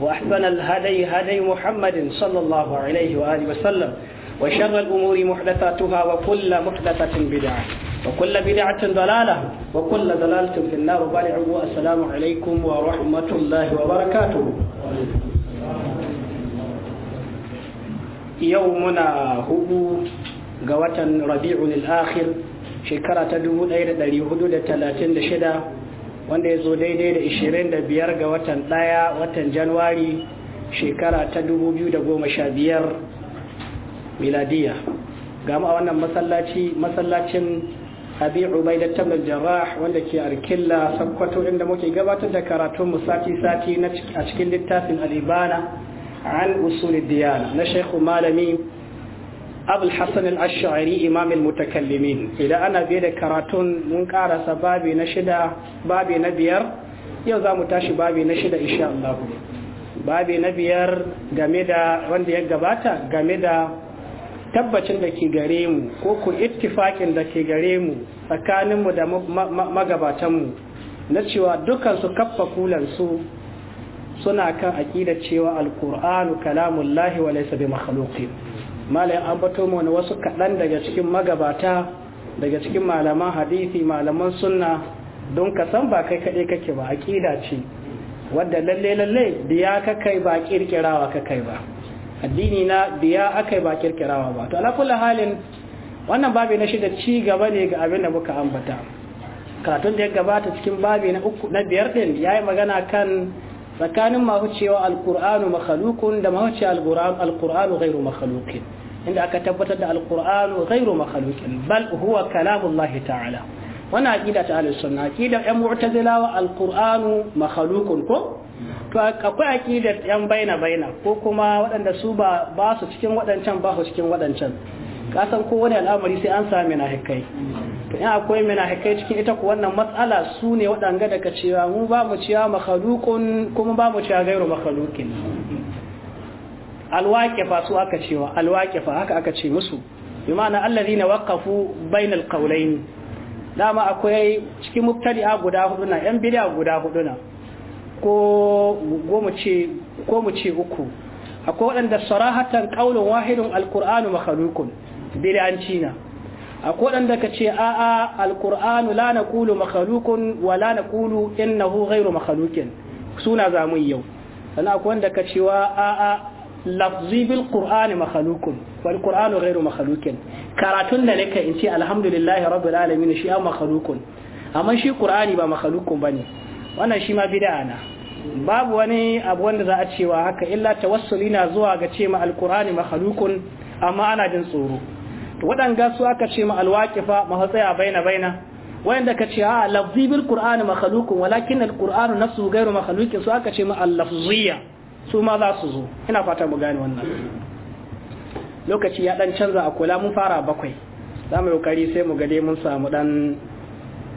وأحسن الهدي هدي محمد صلى الله عليه وآله وسلم وشر الأمور محدثاتها وكل محدثة بدعة وكل بدعة ضلالة وكل ضلالة في النار وبالعوا السلام عليكم ورحمة الله وبركاته يومنا هو قوة ربيع الآخر شكرة دبو ليلة 436 wanda ya zo daidai da 25 ga watan daya watan januwari shekara ta 2015 miladiya gama a wannan masallaci masallacin abi ubaida tamil jarrah wanda ke arkilla sakkwato inda muke gabatar da karatun musati sati a cikin littafin alibana an usul diyana na shekhu malami abul hassan al-ash'ari imam al-mutakallimin idan ana bai da karatun mun karasa babi na shida babi na biyar yau za mu tashi babi na shida insha Allah babi na biyar game da wanda ya gabata game da tabbacin da ke gare mu ko ku ittifakin da ke gare mu tsakaninmu da magabatanmu na cewa dukansu kaffa kulansu suna kan aƙidar cewa alkur'anu kalamullahi wa laysa bi makhluqin malayin ambato mu wasu kaɗan daga cikin magabata daga cikin malaman hadisi malaman sunna don ka san ba kai kaɗai kake ba aƙida ce wadda lalle lalle biya ka kai ba kirkirawa ka kai ba addini na biya akai ba kirkirawa ba to ala halin wannan babu na shida ci gaba ne ga abin da muka ambata karatun da ya gabata cikin babi na uku na biyar din yayi magana kan tsakanin masu cewa alkur'anu makhalukun da masu cewa alkur'anu ghairu makhalukin inda aka tabbatar da Alƙur'anu ghairu makhluqin bal huwa kalamullahi ta'ala wannan aqida ta ahlus sunna aqida ɗan mu'tazilawa Alƙur'anu makhluqun ko to akwai aqidar ɗan baina baina ko kuma waɗanda su ba ba su cikin waɗancan ba su cikin waɗancan kasan kowane al'amari sai an sami na hikai to in akwai mina hikai cikin ita ku wannan matsala su ne waɗanga daga cewa mu ba mu cewa makhalukun kuma ba mu cewa gairu makhalukin alwaqifa su aka cewa alwaqifa haka aka ce musu bi ma'ana na waqafu bainal qawlayn dama akwai cikin mubtadi'a guda hudu na yan guda hudu na ko mu ce uku akwai waɗanda sarahatan qaulun wahidun alƙur'anu makhluqun bid'anci na akwai waɗanda ka ce a'a alƙur'anu la kulu makhluqun wa la naqulu innahu ghairu makhluqin suna zamu yau sannan akwai wanda ka cewa a'a lafzi bil qur'ani makhluqun wal qur'anu ghairu makhluqin karatun da nake in ce alhamdulillahi rabbil alamin shi an makhluqun amma shi qur'ani ba makhluqun bane wannan shi ma bid'a na babu wani abu wanda za a cewa haka illa tawassuli na zuwa ga ce ma alqur'ani makhluqun amma ana jin tsoro to waɗanga su aka ce ma alwaqifa mahatsaya baina baina wanda ka ce a lafzi bil qur'ani makhluqun walakin alqur'anu nafsuhu ghairu makhluqin su aka ce ma al-lafziyya su ma za su zo ina fata mu gane wannan lokaci ya dan canza a kula mun fara bakwai za mu kokari sai mu gade mun samu dan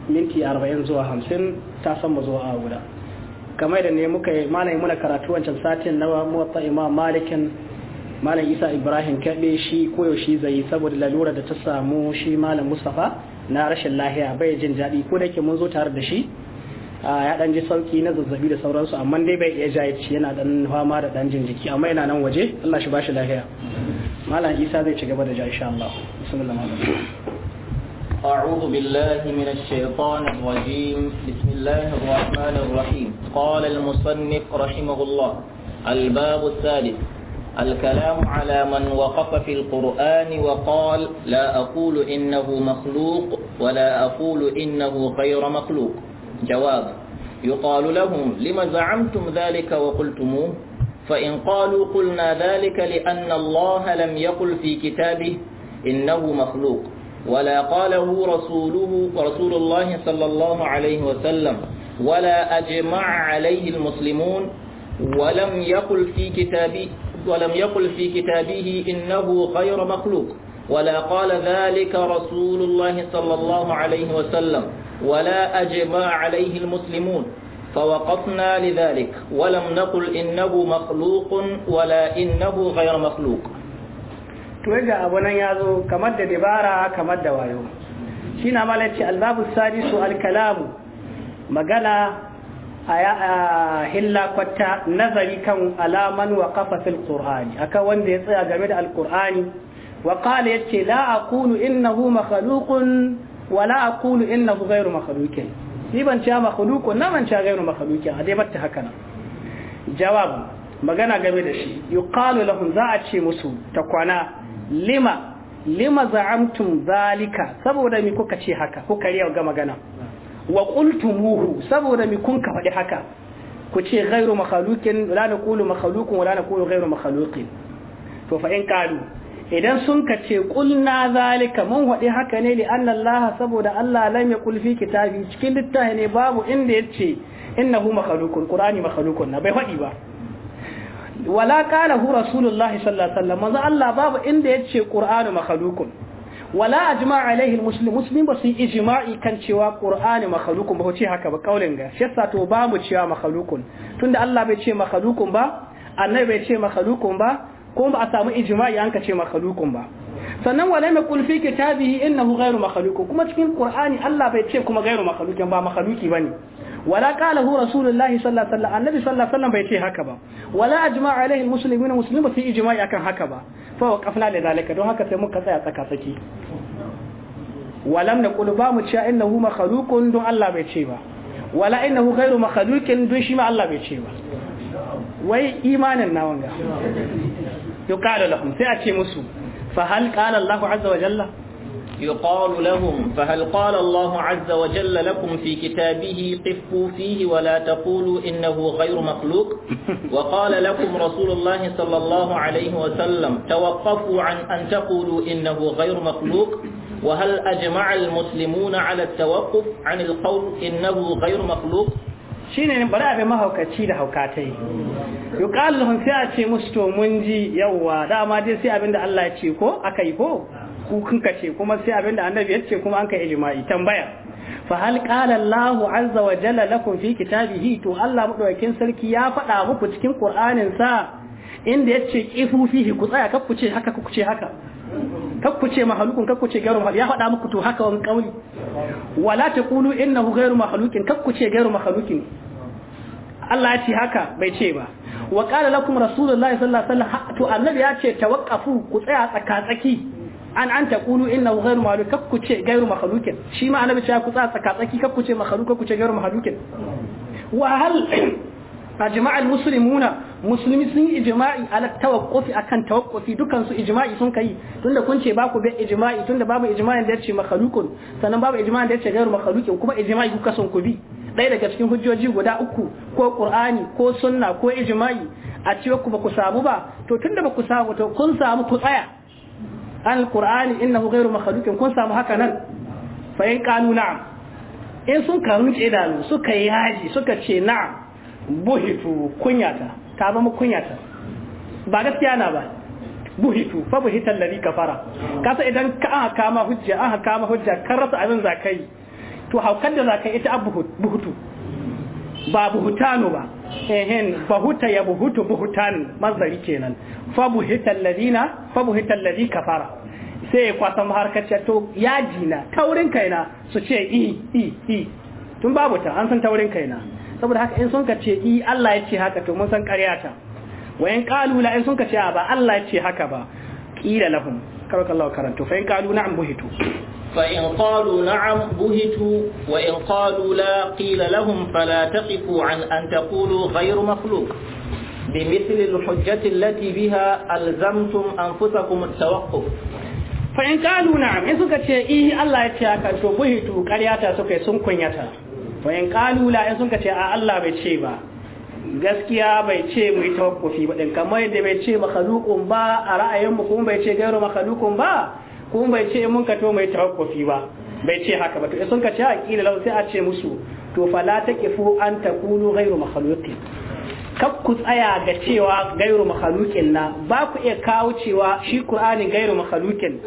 minti 40 zuwa 50 ta san mu zuwa a guda kamar da ne muka yi malamin muna karatu wancan satin na muwatta imam malikin malam isa ibrahim kaɗe shi koyaushe zai saboda lalura da ta samu shi malam mustapha na rashin lahiya bai jin daɗi ko da ke mun zo tare da shi ya dan ji sauki na zazzabi da sauransu amma dai bai iya jayici yana dan fama da dan jin jiki amma yana nan waje Allah shi bashi lafiya malam Isa zai ci gaba da ja insha Allah bismillah أعوذ بالله من الشيطان الرجيم بسم الله الرحمن الرحيم قال المصنف رحمه الله الباب الثالث الكلام على من وقف في القرآن وقال لا أقول إنه مخلوق ولا أقول إنه غير مخلوق جواب يقال لهم لما زعمتم ذلك وقلتموه فإن قالوا قلنا ذلك لأن الله لم يقل في كتابه إنه مخلوق ولا قاله رسوله رسول الله صلى الله عليه وسلم ولا أجمع عليه المسلمون ولم يقل في كتابه ولم يقل في كتابه إنه غير مخلوق ولا قال ذلك رسول الله صلى الله عليه وسلم ولا أجمع عليه المسلمون فوقفنا لذلك ولم نقل إنه مخلوق ولا إنه غير مخلوق توجه أبونا يازو كمد دبارة كمد وايو شين عملت الباب السادس الكلام مقالة hilla kwata nazari kan alaman wa kafafin ƙur'ani aka wanda ya tsaya game da alƙur'ani wa qala yace la aqulu innahu makhluqun wa la aqulu innahu ghayru makhluqin ni ban cewa makhluqun na ban cewa ghayru makhluqin a dai batta haka nan jawab magana game da shi yuqalu lahum za a ce musu ta kwana lima lima za'amtum zalika saboda mi kuka ce haka kuka riya ga magana wa qultumuhu saboda mi ka faɗi haka ku ce ghairu makhluqin to fa in idan sun ka ce kulna zalika mun waɗi haka ne anna Allah saboda Allah lam ya fi kitabi cikin littafi ne babu inda yace innahu makhluqun qur'ani makhluqun na bai faɗi ba wala qala hu rasulullah sallallahu alaihi wasallam manzo Allah babu inda yace qur'anu makhluqun wala ajma'a alaihi almuslim muslim basu ijma'i kan cewa qur'anu makhluqun ba ko ce haka ba kaulin ga shi yasa to babu cewa makhluqun tunda Allah bai ce makhluqun ba annabi bai ce makhluqun ba kuma ba a samu ijma'i an ka ce makhluqun ba sannan wala mai kulfi kitabihi innahu ghairu makhluq kuma cikin qur'ani Allah bai ce kuma ghairu makhluqin ba makhluqi bane wala qala hu rasulullahi sallallahu alaihi wasallam annabi sallallahu alaihi wasallam bai ce haka ba wala ajma'a alaihi almuslimin muslimu fi ijma'i akan haka ba fa waqafna da zalika don haka sai muka tsaya tsaka saki walam naqulu ba mu cewa innahu makhluqun don Allah bai ce ba wala innahu ghairu makhluqin don shi ma Allah bai ce ba wai imanin na يقال لهم سيأتي مسو فهل قال الله عز وجل يقال لهم فهل قال الله عز وجل لكم في كتابه قفوا فيه ولا تقولوا إنه غير مخلوق وقال لكم رسول الله صلى الله عليه وسلم توقفوا عن أن تقولوا إنه غير مخلوق وهل أجمع المسلمون على التوقف عن القول إنه غير مخلوق shine bari abin mahaukaci da hauka ta yi sai a ce musu to mun ji yauwa dama dai sai abinda Allah ya ce ko aka yi ko kukun ka ce kuma sai abinda annabi ya ce kuma an kai jima'i tambaya fa hal qala Allahu azza wa jalla lakum fi kitabihi to Allah madaukakin sarki ya faɗa muku cikin Qur'anin sa inda ya ce ƙifu fihi ku tsaya kakku ce haka ku ce haka kakku ce mahalukun kakku ce gairu mahalukin ya faɗa muku to haka wani ƙauli wala ta kulu innahu gairu mahalukin kakku ce gairu mahalukin Allah ya ce haka bai ce ba wa qala lakum rasulullahi sallallahu alaihi wasallam to annabi ya ce tawaqqafu ku tsaya tsakatsaki tsaki an an ta kulu innahu ghairu mahluk kakku ce gairu makhlukin shi ma annabi ya ku tsaya tsakatsaki tsaki kakku ce makhluk kakku ce gairu makhlukin wa hal ajma'a almuslimuna musulmi sun yi ijima'i ala tawaqqufi akan tawaqqufi dukan su ijima'i sun kai tunda kun ce ba ku bi ijima'i tunda babu ijima'i da yace makhluqun sannan babu ijima'i da yace gairu makhluqin kuma ijima'i kuka son ku bi ɗaya daga cikin hujjoji guda uku ko qur'ani ko sunna ko ijima'i a cewa ku ba ku samu ba to tunda ba ku samu to kun samu ku tsaya al qur'ani innahu gairu makhluqin kun samu haka nan fa in qalu na'am in sun karunce idanu suka yaji suka ce na'am buhitu kunyata ka zama kunyata ba gaskiya na ba buhitu fa buhita ka kafara kasa idan ka aka kama hujja aka kama hujja kan rasa abin zakai to haukan da zakai ita abu buhutu ba buhutanu ba ehen bahuta ya buhutu buhutan mazari kenan fa buhita na fa buhita ka kafara sai ya kwasan harkar to yaji na taurin kaina su ce i i i tun babu ta an san taurin kaina saboda haka in sun ka ce i Allah ya ce haka to mun san ƙarya ta wa in qalu la in sun ka ce ba Allah ya ce haka ba qila lahum karaka Allah karanto fa in qalu na'am buhitu fa in qalu na'am buhitu wa in qalu la qila lahum fala taqifu an an taqulu ghayru makhluq بمثل الحجة التي بها ألزمتم أنفسكم التوقف فإن قالوا نعم إن سكت إيه الله يتشاكا تبهتوا قرياتا سكي سنكنيتا wayan kalula in sun ka ce a Allah bai ce ba gaskiya bai ce mu yi tawakkufi ba din kamar yadda bai ce makhluqun ba a ra'ayin mu kuma bai ce gairu makhluqun ba kuma bai ce mun ka to mu yi tawakkufi ba bai ce haka ba to in sun ka ce a kila lau sai a ce musu to fala taqifu an takunu gairu makhluqin kab ku tsaya ga cewa gairu makhluqin na ba ku iya kawo cewa shi qur'ani gairu makhluqin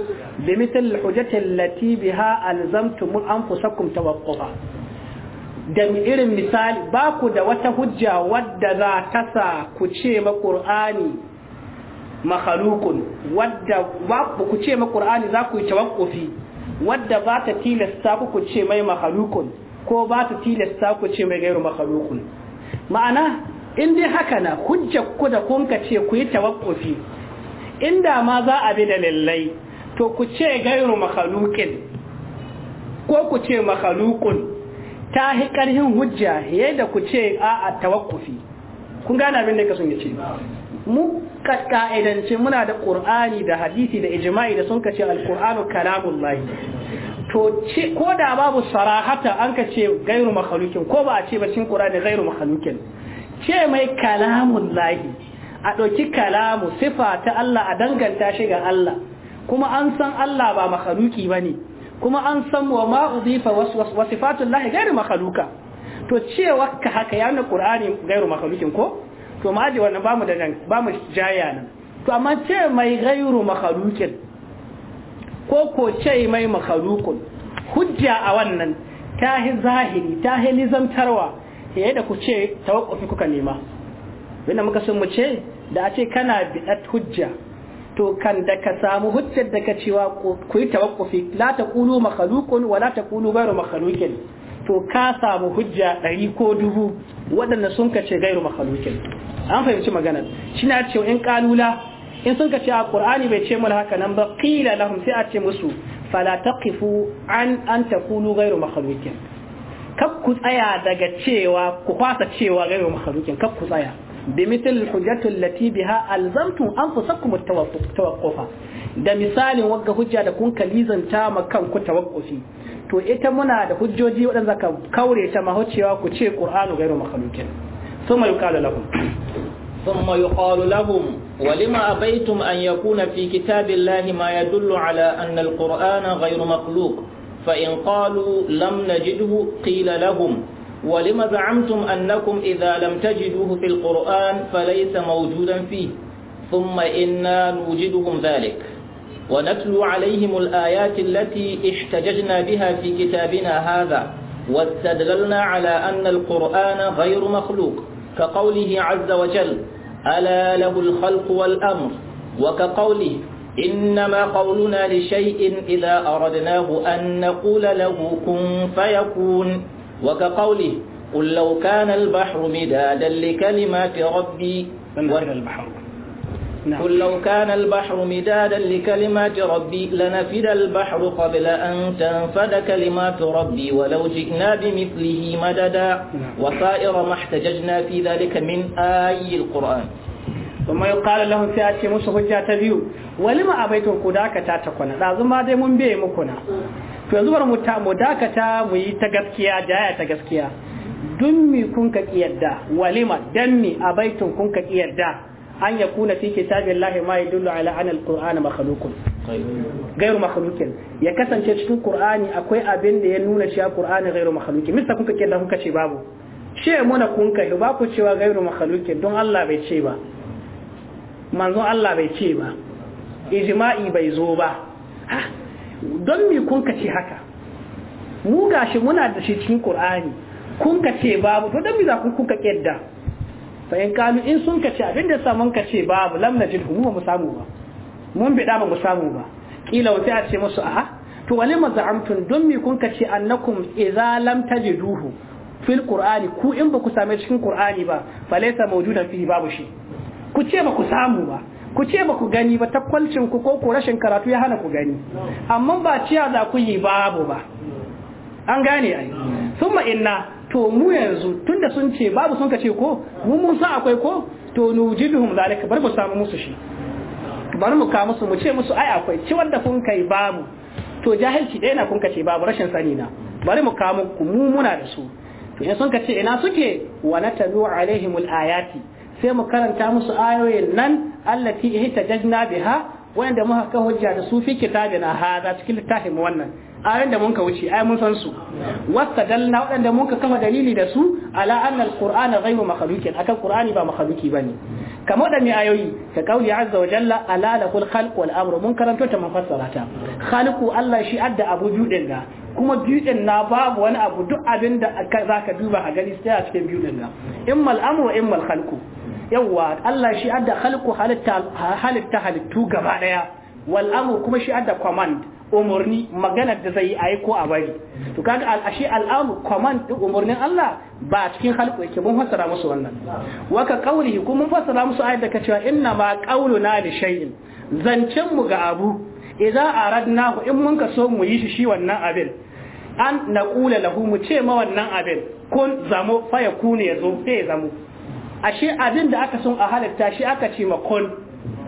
bi mithl hujjatil lati biha alzamtum anfusakum tawaqqufa da irin misali ba ku da wata hujja wadda za ta sa ku ce ma qur'ani makhalukun wadda ba ku ce ma za ku yi tawakkufi wadda ba ta tilasta ku ku ce mai makhalukun ko ba ta tilasta ku ce mai gairu makhalukun ma'ana in dai haka na hujja ku da kun ka ce ku yi tawakkufi inda ma za a bi da lallai to ku ce gairu makhalukin ko ku ce makhalukun ta hi ƙarhin hujja yadda ku ce a a tawakkufi kun gane abin da ka sun ce, mu ka'idance muna da ƙur'ani da hadisi da ijma'i da sun kace kalamun lahi to ce ko da babu sarahata an ka ce gairu makhalukin ko ba a ce ba cikin gairu makhalukin ce mai kalamun lahi a ɗauki kalamu sifa ta Allah a danganta shi ga Allah kuma an san Allah ba ba ne. kuma an san wa ma udifa wasifatu llahi ghairu gairu to cewa ka haka ya na qur'ani ghairu makhlukin ko to ma ji wannan bamu da nan bamu jaya nan to amma ce mai gairu makhlukin ko ko ce mai makhlukun hujja a wannan ta hi zahiri ta hi lizantarwa yayin da ku ce tawakkufi kuka nema wannan muka san mu ce da a ce kana bidat hujja to kan da ka samu hujjar da ka cewa ku yi tawakkufi la taqulu makhluqun wa la taqulu ghayru makhluqin to ka samu hujja ɗari ko dubu waɗanda sun ce gairu makhluqin an fahimci maganar shi na cewa in kalula in sun kace a qur'ani bai ce mana haka nan ba qila lahum sai a ce musu fala taqifu an an taqulu ghayru makhluqin kak ku tsaya daga cewa ku fasa cewa gairu makhluqin kak ku tsaya بمثل الحجة التي بها ألزمتم أنفسكم التوقف da misalin wagga hujja da kun kalizanta ma kanku tawakkufi to ita muna da hujjoji waɗanda ka kaure ta mahaucewa ku ce qur'anu ghairu makhluqin thumma yuqalu lahum thumma yuqalu lahum walima abaitum an yakuna fi kitabillahi ma yadullu ala anna alqur'ana gairu makhluq fa in qalu lam najidhu qila lahum ولم زعمتم أنكم إذا لم تجدوه في القرآن فليس موجودا فيه ثم إنا نوجدهم ذلك ونتلو عليهم الآيات التي احتججنا بها في كتابنا هذا واستدللنا على أن القرآن غير مخلوق كقوله عز وجل ألا له الخلق والأمر وكقوله إنما قولنا لشيء إذا أردناه أن نقول له كن فيكون waka ƙauli ƙullaukan albahru midadan li kalimati rabbi ƙullaukan albahru midadan li kalimati rabbi lanafida albahru ƙabila an tanfada kalimati rabbi walau jikna madada wa sa'ira mahta jajna fi dalika yi ƙala lahun sai a musu hujja ta biyu wali ma a baitun ku da aka tata kuna ɗazu ma dai mun biye mukuna. to yanzu bar mu ta mu dakata mu yi ta gaskiya jaya ta gaskiya dun mi kun ka kiyarda walima dan mi baitun kun ka kiyarda an ya kuna fi lahi ma yadullu ala an alquran makhluqun gairu makhluqin ya kasance cikin qur'ani akwai abin da ya nuna shi a qur'ani gairu makhluqin mista kun ka kiyarda kun ka ce babu ce muna kun ka ba ku cewa gairu makhluqin don Allah bai ce ba manzo Allah bai ce ba ijma'i bai zo ba ah, don mi kun ka ce haka mu gashi muna da shi cikin qur'ani kun ka ce babu to don mi za ku kuka kedda fa in kanu in sun ka ce abin da sa mun ka ce babu lam najid mu ba mu samu ba mun bida ba mu samu ba kila wata a ce musu aha to wale maza'amtun don mi kun ka ce annakum idza lam tajiduhu fil qur'ani ku in ba ku same cikin qur'ani ba fa laysa mawjudan fihi babu shi ku ce ba ku samu ba ku ce ba ku gani ba kwalcin ku ko ku rashin karatu ya hana ku gani amma ba ciya za ku yi babu ba an gane ai summa inna to mu yanzu tunda sun ce babu sun ka ce ko mu mun akwai ko to nujiduhum zalika bar mu samu musu shi bar mu ka musu mu ce musu ai akwai ci wanda kun kai babu to jahilci ɗaya na kun ka ce babu rashin sani na bari mu kamu muku mu muna da su to in sun ka ce ina suke wa natalu alaihimul ayati sai mu karanta musu ayoyin nan allati ihtajajna biha wanda muka kan hujja da su fi kitabina hada cikin littafin mu wannan ayoyin da muka wuce ai mun san su wastadalna wanda muka ka kama dalili da su ala anna alqur'ana ghayru makhluqin akan qur'ani ba makhluqi bane kamar da mai ayoyi ka kauli azza wa jalla ala lahul khalq wal amru mun karanto ta mun fassara ta khalqu Allah shi adda abu biyu din kuma biyu na babu wani abu duk abin da za ka duba a gani sai a cikin biyu din nan in mal amru wa in mal khalqu yawa Allah shi adda khalqu halitta halitta halittu gaba daya wal amu kuma shi adda command umurni magana da zai yi ko a bari to kaga al ashi al amu command din umurnin Allah ba cikin khalqu yake mun fassara musu wannan waka qawlihi kuma mun fassara musu ayat da kace inna ma qawluna li shay'in zancen mu ga abu idza aradnahu in mun ka so mu yi shi shi wannan abin an na ƙula lahu mu ce ma wannan abin kun zamo faya kune ya zo sai ya zamo ashe abin da aka sun a halitta shi aka ce ma kun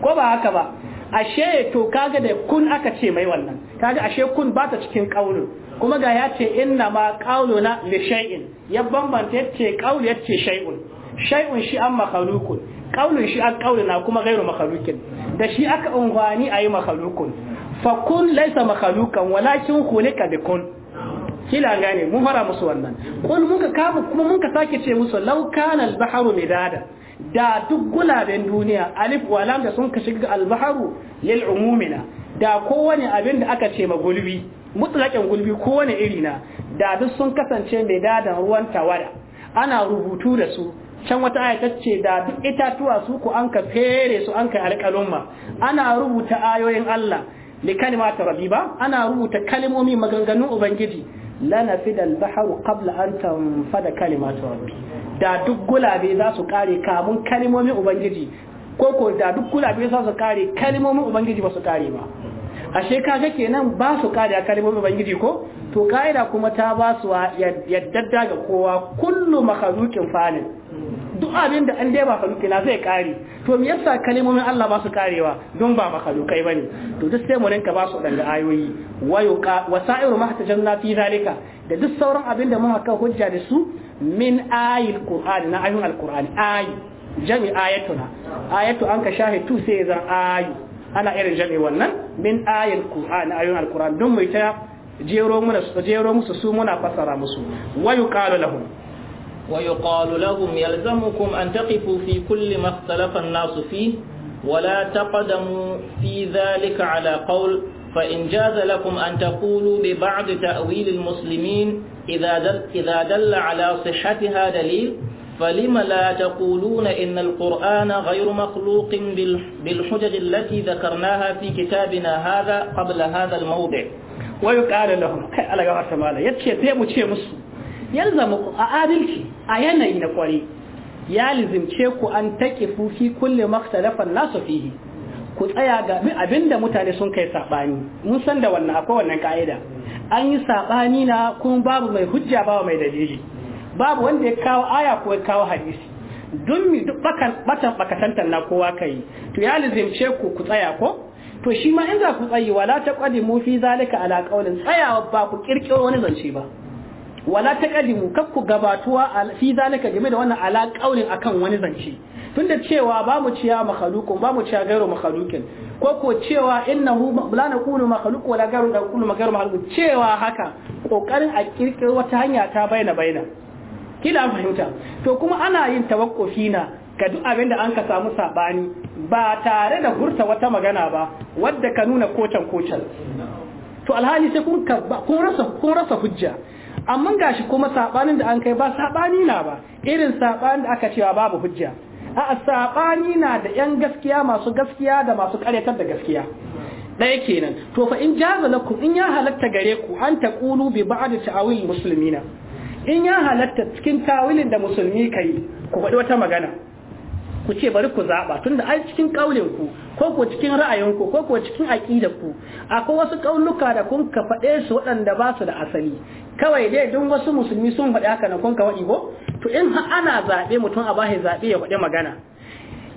ko ba haka ba ashe to kaga da kun aka ce mai wannan kaga ashe kun ba ta cikin ƙaunin kuma ga ya ce inna ma ƙaununa li shay'in ya bambanta ya ce ƙaunu ya ce shay'un shay'un shi an makhalukun ƙaunin shi an na kuma gairu makhalukin da shi aka unhwani ayi yi makhalukun fa kun laisa makhalukan walakin hulika bi kun kila gane mun fara musu wannan kun muka kafa kuma muka sake ce musu law kana al-bahru midada da duk gulaben duniya alif wa lam da sun ka shiga al-bahru lil umumina da kowane abin da aka ce ma gulbi mutlaƙin gulbi kowane iri na da duk sun kasance midada ruwan tawada ana rubutu da su can wata aya ce da duk itatuwa su ku an fere su an ka alƙalumma ana rubuta ayoyin Allah li kalimata ana rubuta kalmomi maganganun ubangiji lanafi da albaharu qabla an tanfada kalimatu rabbi da duk gulabe za su kare kamun kalimomin ubangiji ko ko da duk gulabe za su kare kalimomin ubangiji ba su kare ba ashe kaga kenan ba su kare kalimomin ubangiji ko to ka'ida kuma ta ba su yadda ga kowa kullu makhluqin falil duk abin da an dai ba kaluki na zai kare to me yasa kalimomin Allah ba su karewa don ba makalukai bane to duk sai mu rinka ba su danga ayoyi wayo wasairu mahtajanna fi zalika da duk sauran abin da muka kai hujja da su min ayil qur'ani na ayun alqur'ani ayi jami ayatuna ayatu an ka shahidu sai zan ayu ana irin jami wannan min ayil qur'ani ayun alqur'ani don mu ta jero musu su muna fasara musu wayu qalu lahum ويقال لهم يلزمكم أن تقفوا في كل ما اختلف الناس فيه ولا تقدموا في ذلك على قول فإن جاز لكم أن تقولوا ببعض تأويل المسلمين إذا دل, إذا دل على صحتها دليل فلم لا تقولون إن القرآن غير مخلوق بالحجج التي ذكرناها في كتابنا هذا قبل هذا الموضع ويقال لهم على يا يتشي تيمو تشي مسلم yalzamu a adalci a yanayi na kware ya lizimce ku an take fi kulle maktalafan nasu fihi ku tsaya ga abinda mutane sun kai sabani mun san da wannan akwai wannan kaida an yi sabani na kun babu mai hujja babu mai dalili babu wanda ya kawo aya ko ya kawo hadisi don mi duk bakan batan bakatantan na kowa kai to ya lizimce ku ku tsaya ko to shi ma in za ku tsayi wala ta mu fi zalika ala qaulin tsayawa ba ku kirkiro wani zance ba wala taqaddimu kakku gabatuwa fi zalika game da wannan ala kaulin akan wani zance tunda cewa ba mu ciya makhluqun ba mu ciya gairu makhluqin ko ko cewa innahu la naqulu makhluq wala gairu kullu gairu makhluq cewa haka kokarin a kirkiro wata hanya ta baina baina kila fahimta to kuma ana yin tawakkufi na ga duk abin da an ka samu sabani ba tare da hurta wata magana ba wadda ka nuna kocan kocan to alhali sai kun rasa kun rasa hujja amma shi kuma sabanin da an kai ba saɓani na ba irin sabanin da aka cewa babu hujja a saɓani na da yan gaskiya masu gaskiya da masu karyatar da gaskiya ɗaya kenan to fa in jaza ku in ya halatta gare ku an taqulu bi ba'd ta'awil na. in ya halatta cikin tawilin da musulmi kai ku faɗi wata magana ku ce bari ku zaɓa tunda ai cikin ƙauninku ko ko cikin ra'ayinku ko ko cikin aƙidarku akwai wasu ƙaunuka da kun ka faɗe su waɗanda ba su da asali kawai dai don wasu musulmi sun faɗi haka na kun ka waɗi ko to in ana zaɓe mutum a bashi zaɓe ya faɗi magana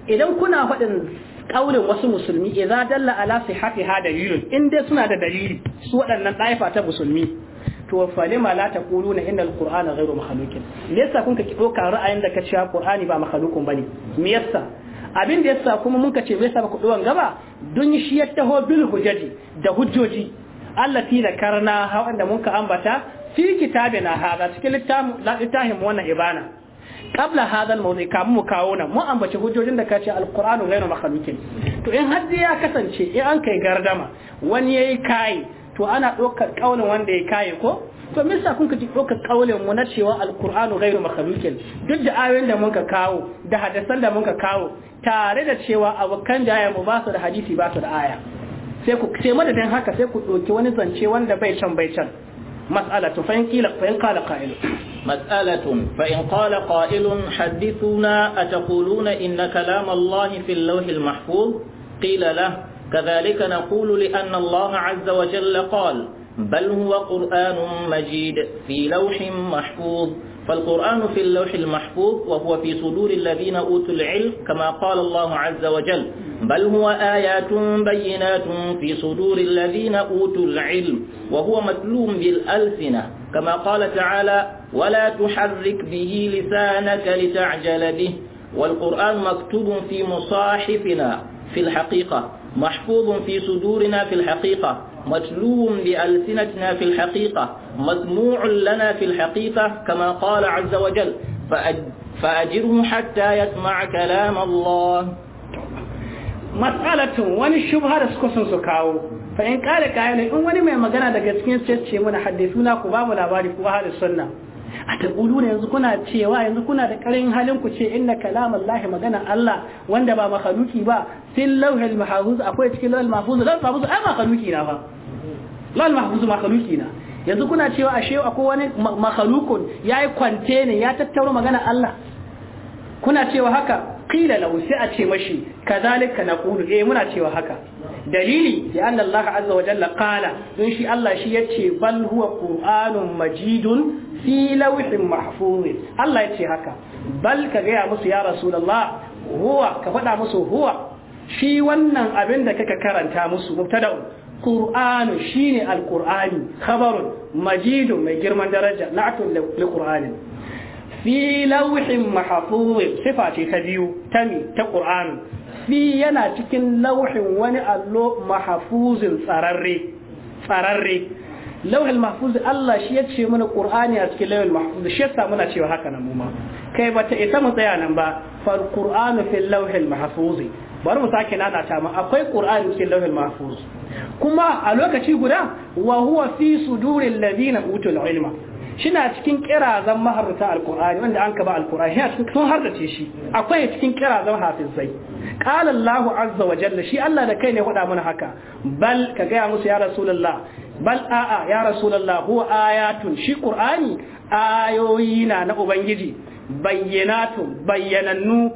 idan kuna faɗin ƙaunin wasu musulmi idan dalla ala sihhati hada dalilun in dai suna da dalili su waɗannan ɗaifa ta musulmi to falima la taquluna innal qur'ana ghayru makhluqin me yasa kun ka doka ra'ayin da ka cewa qur'ani ba makhluqun bane me yasa abin da yasa kuma mun ka ce me yasa ba ku dowan gaba dun shi ya taho bil hujaji da hujjoji allati zakarna ha wanda mun ka ambata fi kitabina hada cikin littafin wannan ibana قبل هذا الموضوع kamu mu kawo na mu ambaci hujjojin da kace alqur'anu ghayru makhluqin to in haddi ya kasance in an kai gardama wani yayi kai to ana ɗaukar ƙaunin wanda ya kaye ko to me yasa kun kaji ɗaukar ƙaunin mu na cewa alqur'anu ghairu makhluqin duk da ayoyin da muka kawo da hadisan da muka kawo tare da cewa abokan jaya mu ba su da hadisi ba su da aya sai ku sai madadin haka sai ku ɗauki wani zance wanda bai can bai can مسألة فإن قيل فإن قال قائل مسألة فإن قال قائل حدثونا أتقولون إن كلام الله في اللوح المحفوظ قيل له كذلك نقول لأن الله عز وجل قال بل هو قرآن مجيد في لوح محفوظ فالقرآن في اللوح المحفوظ وهو في صدور الذين أوتوا العلم كما قال الله عز وجل بل هو آيات بينات في صدور الذين أوتوا العلم وهو متلوم بالألسنة كما قال تعالى ولا تحرك به لسانك لتعجل به والقرآن مكتوب في مصاحفنا في الحقيقة محفوظ في صدورنا في الحقيقة متلو بألسنتنا في الحقيقة مسموع لنا في الحقيقة كما قال عز وجل فأجره حتى يسمع كلام الله مسألة وني الشبهة سكسن سكاو فإن قال قائل إن ما يمغنى دكتكين سيتشي من حديثونا قبامنا بارفوها للسنة a ne yanzu kuna cewa yanzu kuna da ƙarin halin ku ce inna lahi magana Allah wanda ba mahaluki ba sun lawhil mahfuz akwai cikin lawhil mahfuz lawhil mahfuz ai makhluki na ba lawhil mahfuz makhluki na yanzu kuna cewa ashe akwai wani mahalukun ya kwante ne ya tattauna magana Allah kuna cewa haka qila lahu sai a ce mashi kazalika naqulu eh muna cewa haka dalili da anna Allah azza wa jalla qala don shi Allah shi yace bal huwa qur'anun majidun fi lawhin mahfuz Allah yace haka bal ka ga musu ya rasulullah huwa ka faɗa musu huwa shi wannan abin da kaka karanta musu mubtada'un Qur'anu shine alkur'ani qurani khabarun majidun mai girman daraja na'atun fi lauhin mahfuz sifa ce ta biyu ta mi ta qur'ani fi yana cikin lauhin wani allo mahfuzin tsararre tsararre lauhin mahfuz Allah shi ya ce mana qur'ani a cikin lauhin mahfuz shi yasa muna cewa haka nan mu ma kai bata isa mu tsaya nan ba fal qur'anu fil lauhil mahfuz bari mu sake nana ta ma akwai qur'ani cikin lauhil mahfuz kuma a lokaci guda wa huwa fi suduril ladina utul ilma shina cikin kirazan maharrata Alƙur'ani. wanda an kaba alqur'ani shina cikin sun harrace shi akwai cikin kirazan hafizai qala Allahu azza wa jalla shi Allah da kai ne faɗa mana haka bal ka ga musu ya rasulullah bal a'a ya rasulullah huwa ayatun shi qur'ani ayoyi na na ubangiji bayyanatun bayyanannu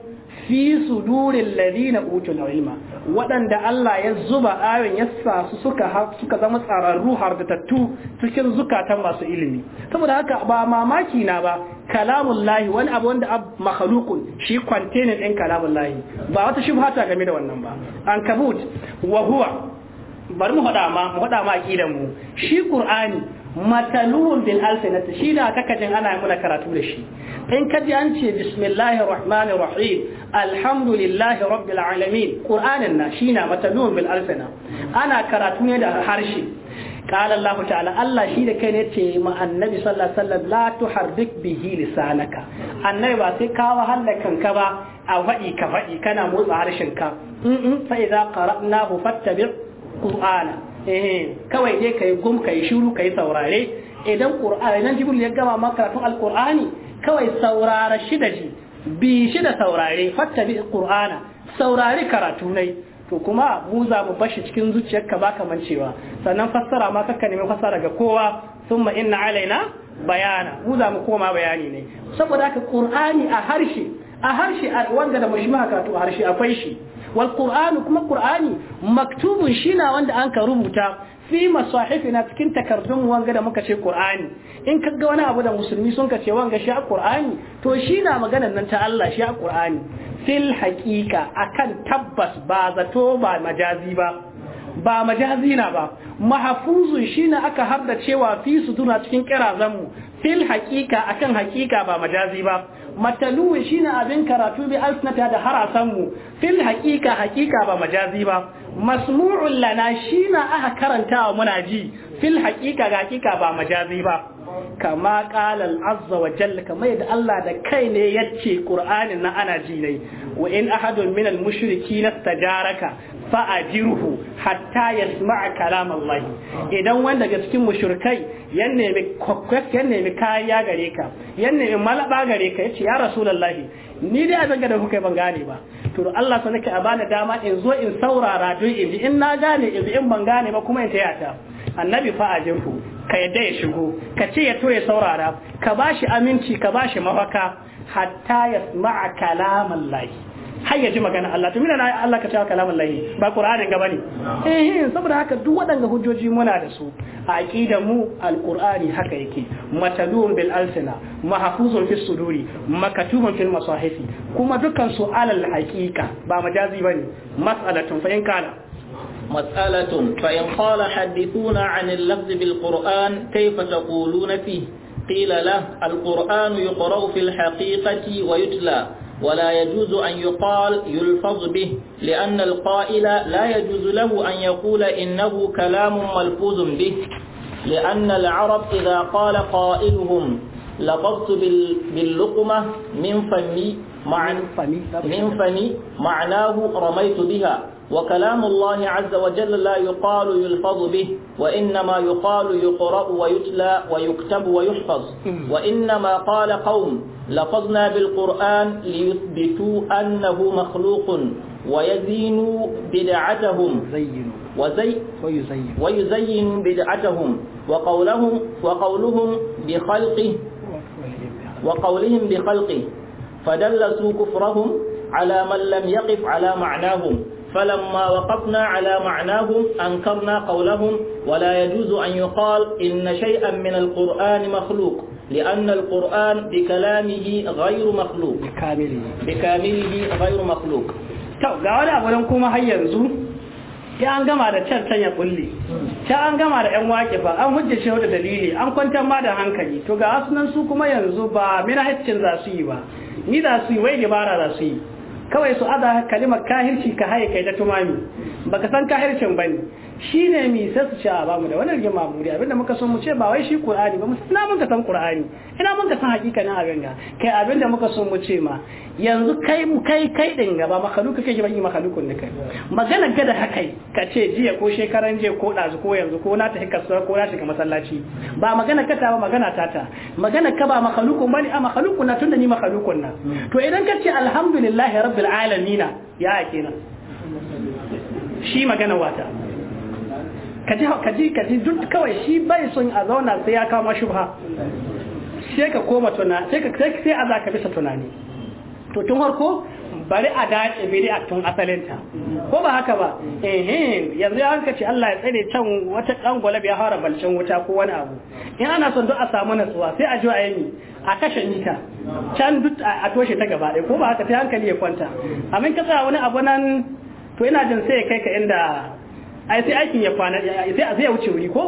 fi sudurin ladina utul ilma waɗanda Allah ya zuba ayon ya sa su suka suka zama tsararru ruhar da tattu cikin zukatan masu ilimi saboda haka ba mamaki na ba kalamun lahi wani abu wanda ab makhalukun shi kwantene ɗin kalamun lahi ba wata shubhata game da wannan ba an kabut wa huwa bari mu hada ma mu hada ma aqidan mu shi qur'ani mataluhun bil alsinati shi da kaka jin ana yi muna karatu da shi in ka ji an ce bismillahir rahmanir rahim alhamdulillahi rabbil alamin qur'anin na shi na mataluhun bil alsina ana karatu ne da harshe قال الله تعالى الله شي da kai ne ce ma annabi sallallahu alaihi wasallam la tuharrik bihi lisanaka annabi ba sai ka wahala kanka ba a faɗi ka faɗi kana motsa harshen ka in fa idza qara'nahu fattabi' qur'ana eh kawai dai kai gum kai shiru kai saurare idan qur'ani nan jibril ya gama maka karatun alqur'ani kawai saurara shi da ji bi shi da saurare fattabi ƙur'ana, saurari karatu nai to kuma mu za mu bashi cikin zuciyarka baka mancewa sannan fassara ma kakka nemi fassara ga kowa summa inna alaina bayana mu za mu koma bayani ne saboda haka qur'ani a harshe a harshe wanda da mushima karatu a harshe akwai shi wal qur'anu kuma qur'ani maktubun shi na wanda an ka rubuta fi masahifina cikin takardun wanga da muka ce qur'ani in kaga wani abu da musulmi sun ka ce wanga shi a qur'ani to shi na maganar nan ta Allah shi a qur'ani fil haqiqa akan tabbas ba zato ba majazi ba ba majazina ba mahfuzun shine aka harda cewa fi suduna cikin kirazanmu fil haqiqa akan haqiqa ba majazi ba mataluwin shine abin karatu bi alsinata da harasanmu fil haqiqa haqiqa ba majazi ba masmu'un lana shine aka karantawa muna ji fil haqiqa ga haqiqa ba majazi ba kama ƙalal azza wa jalla kamar yadda Allah da kai ne ya ce ƙur'anin na ana ji ne wa in ahadun minal mushriki na stajaraka fa'ajiruhu hatta yasma'a kalam Allah idan wanda daga cikin mushrikai ya nemi ya nemi kariya gare ka ya nemi malaba gare ka yace ya rasulullahi ni dai zanga da kuka ban gane ba to Allah sanaka a bani dama in zo in saurara don in ji in na gane in ban gane ba kuma in tayata annabi fa ajirhu ka yadda ya shigo ka ce ya to ya saurara ka bashi aminci ka bashi mafaka hatta yasma'a kalaman lahi har ya ji magana Allah to mina na Allah ka cewa kalamin lahi ba qur'anin gaba ne eh saboda haka duk waɗanda hujjoji muna da su a aqida mu alqur'ani haka yake matalun bil alsina mahfuzun fis suduri makatubun fil masahifi kuma dukkan su alal haqiqa ba majazi bane mas'alatun fa in kana مسألة فإن قال حدثونا عن اللفظ بالقرآن كيف تقولون فيه قيل له القرآن يقرأ في الحقيقة ويتلى ولا يجوز أن يقال يلفظ به لأن القائل لا يجوز له أن يقول إنه كلام ملفوظ به لأن العرب إذا قال قائلهم لفظت باللقمة من فمي معناه رميت بها وكلام الله عز وجل لا يقال يلفظ به وإنما يقال يقرأ ويتلى ويكتب ويحفظ وإنما قال قوم لفظنا بالقرآن ليثبتوا أنه مخلوق ويزينوا بدعتهم وزي ويزين ويزين بدعتهم وقولهم وقولهم بخلقه وقولهم بخلقه فدلسوا كفرهم على من لم يقف على معناهم فلما وقفنا على معناهم أنكرنا قولهم ولا يجوز أن يقال إن شيئا من القرآن مخلوق لأن القرآن بكلامه غير مخلوق بكامله بكامله غير مخلوق to ga wani abu don kuma har yanzu ta gama da can kulle ta an gama da yan wake ba an hujja shi da dalili an kwantar ma da hankali to ga asunan su kuma yanzu ba mina haccin za su ba ni za wai gibara za su kawai su aza kalimar kahirci ka haye kai da tumami baka san kahircin bane shi ne mi sai su ce a bamu da wani rigima muri abinda muka son mu ce ba wai shi qur'ani ba musu ina mun ka san qur'ani ina mun ka san hakikanin abin ga kai abinda muka son mu ce ma yanzu kai mu kai kai din ga ba makaluka kake ba makalukun ne kai magana gada hakai ka ce jiya ko shekaran jiya ko dazu ko yanzu ko na ta hikka sura ko na shiga masallaci ba magana ka ta ba magana ta ta magana ka ba makalukun bane a makalukun na tunda ni makalukun na to idan ka ce alhamdulillahi rabbil alamin ya kenan shi magana wata kaji kaji kaji duk kawai shi bai son a zauna sai ya kama shubha sai ka koma tuna sai ka sai Allah ka bisa tunani to tun harko bari a dace bidi a tun asalinta ko ba haka ba eh yanzu an kace Allah ya tsare can wata kangolab ya fara balcin wuta ko wani abu in ana son duk a samu natsuwa sai a ji a yi a kashe mita can duk a toshe ta gaba ko ba haka sai hankali ya kwanta amma ka tsaya wani abu nan to ina jin sai kai ka inda ai sai aikin ya kwana sai a zai wuce wuri ko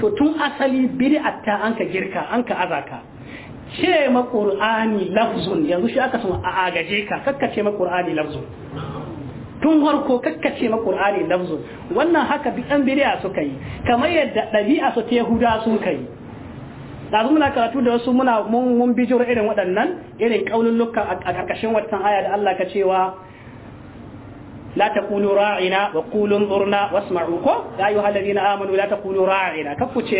to tun asali biri ta an ka girka an ka azaka ce ma qur'ani lafzun yanzu shi aka san a agaje ka kakkace ma qur'ani lafzun tun harko kakkace ma qur'ani lafzun wannan haka bi an bid'a suka yi kamar yadda dabi'a su ta yahuda sun kai da muna karatu da wasu muna mun bijiro irin waɗannan irin kaulun lukka a karkashin watan aya da Allah ka cewa la taqulu ra'ina wa qulu anzurna wasma'u ko ya ayyuha alladhina amanu la taqulu ra'ina kafu ce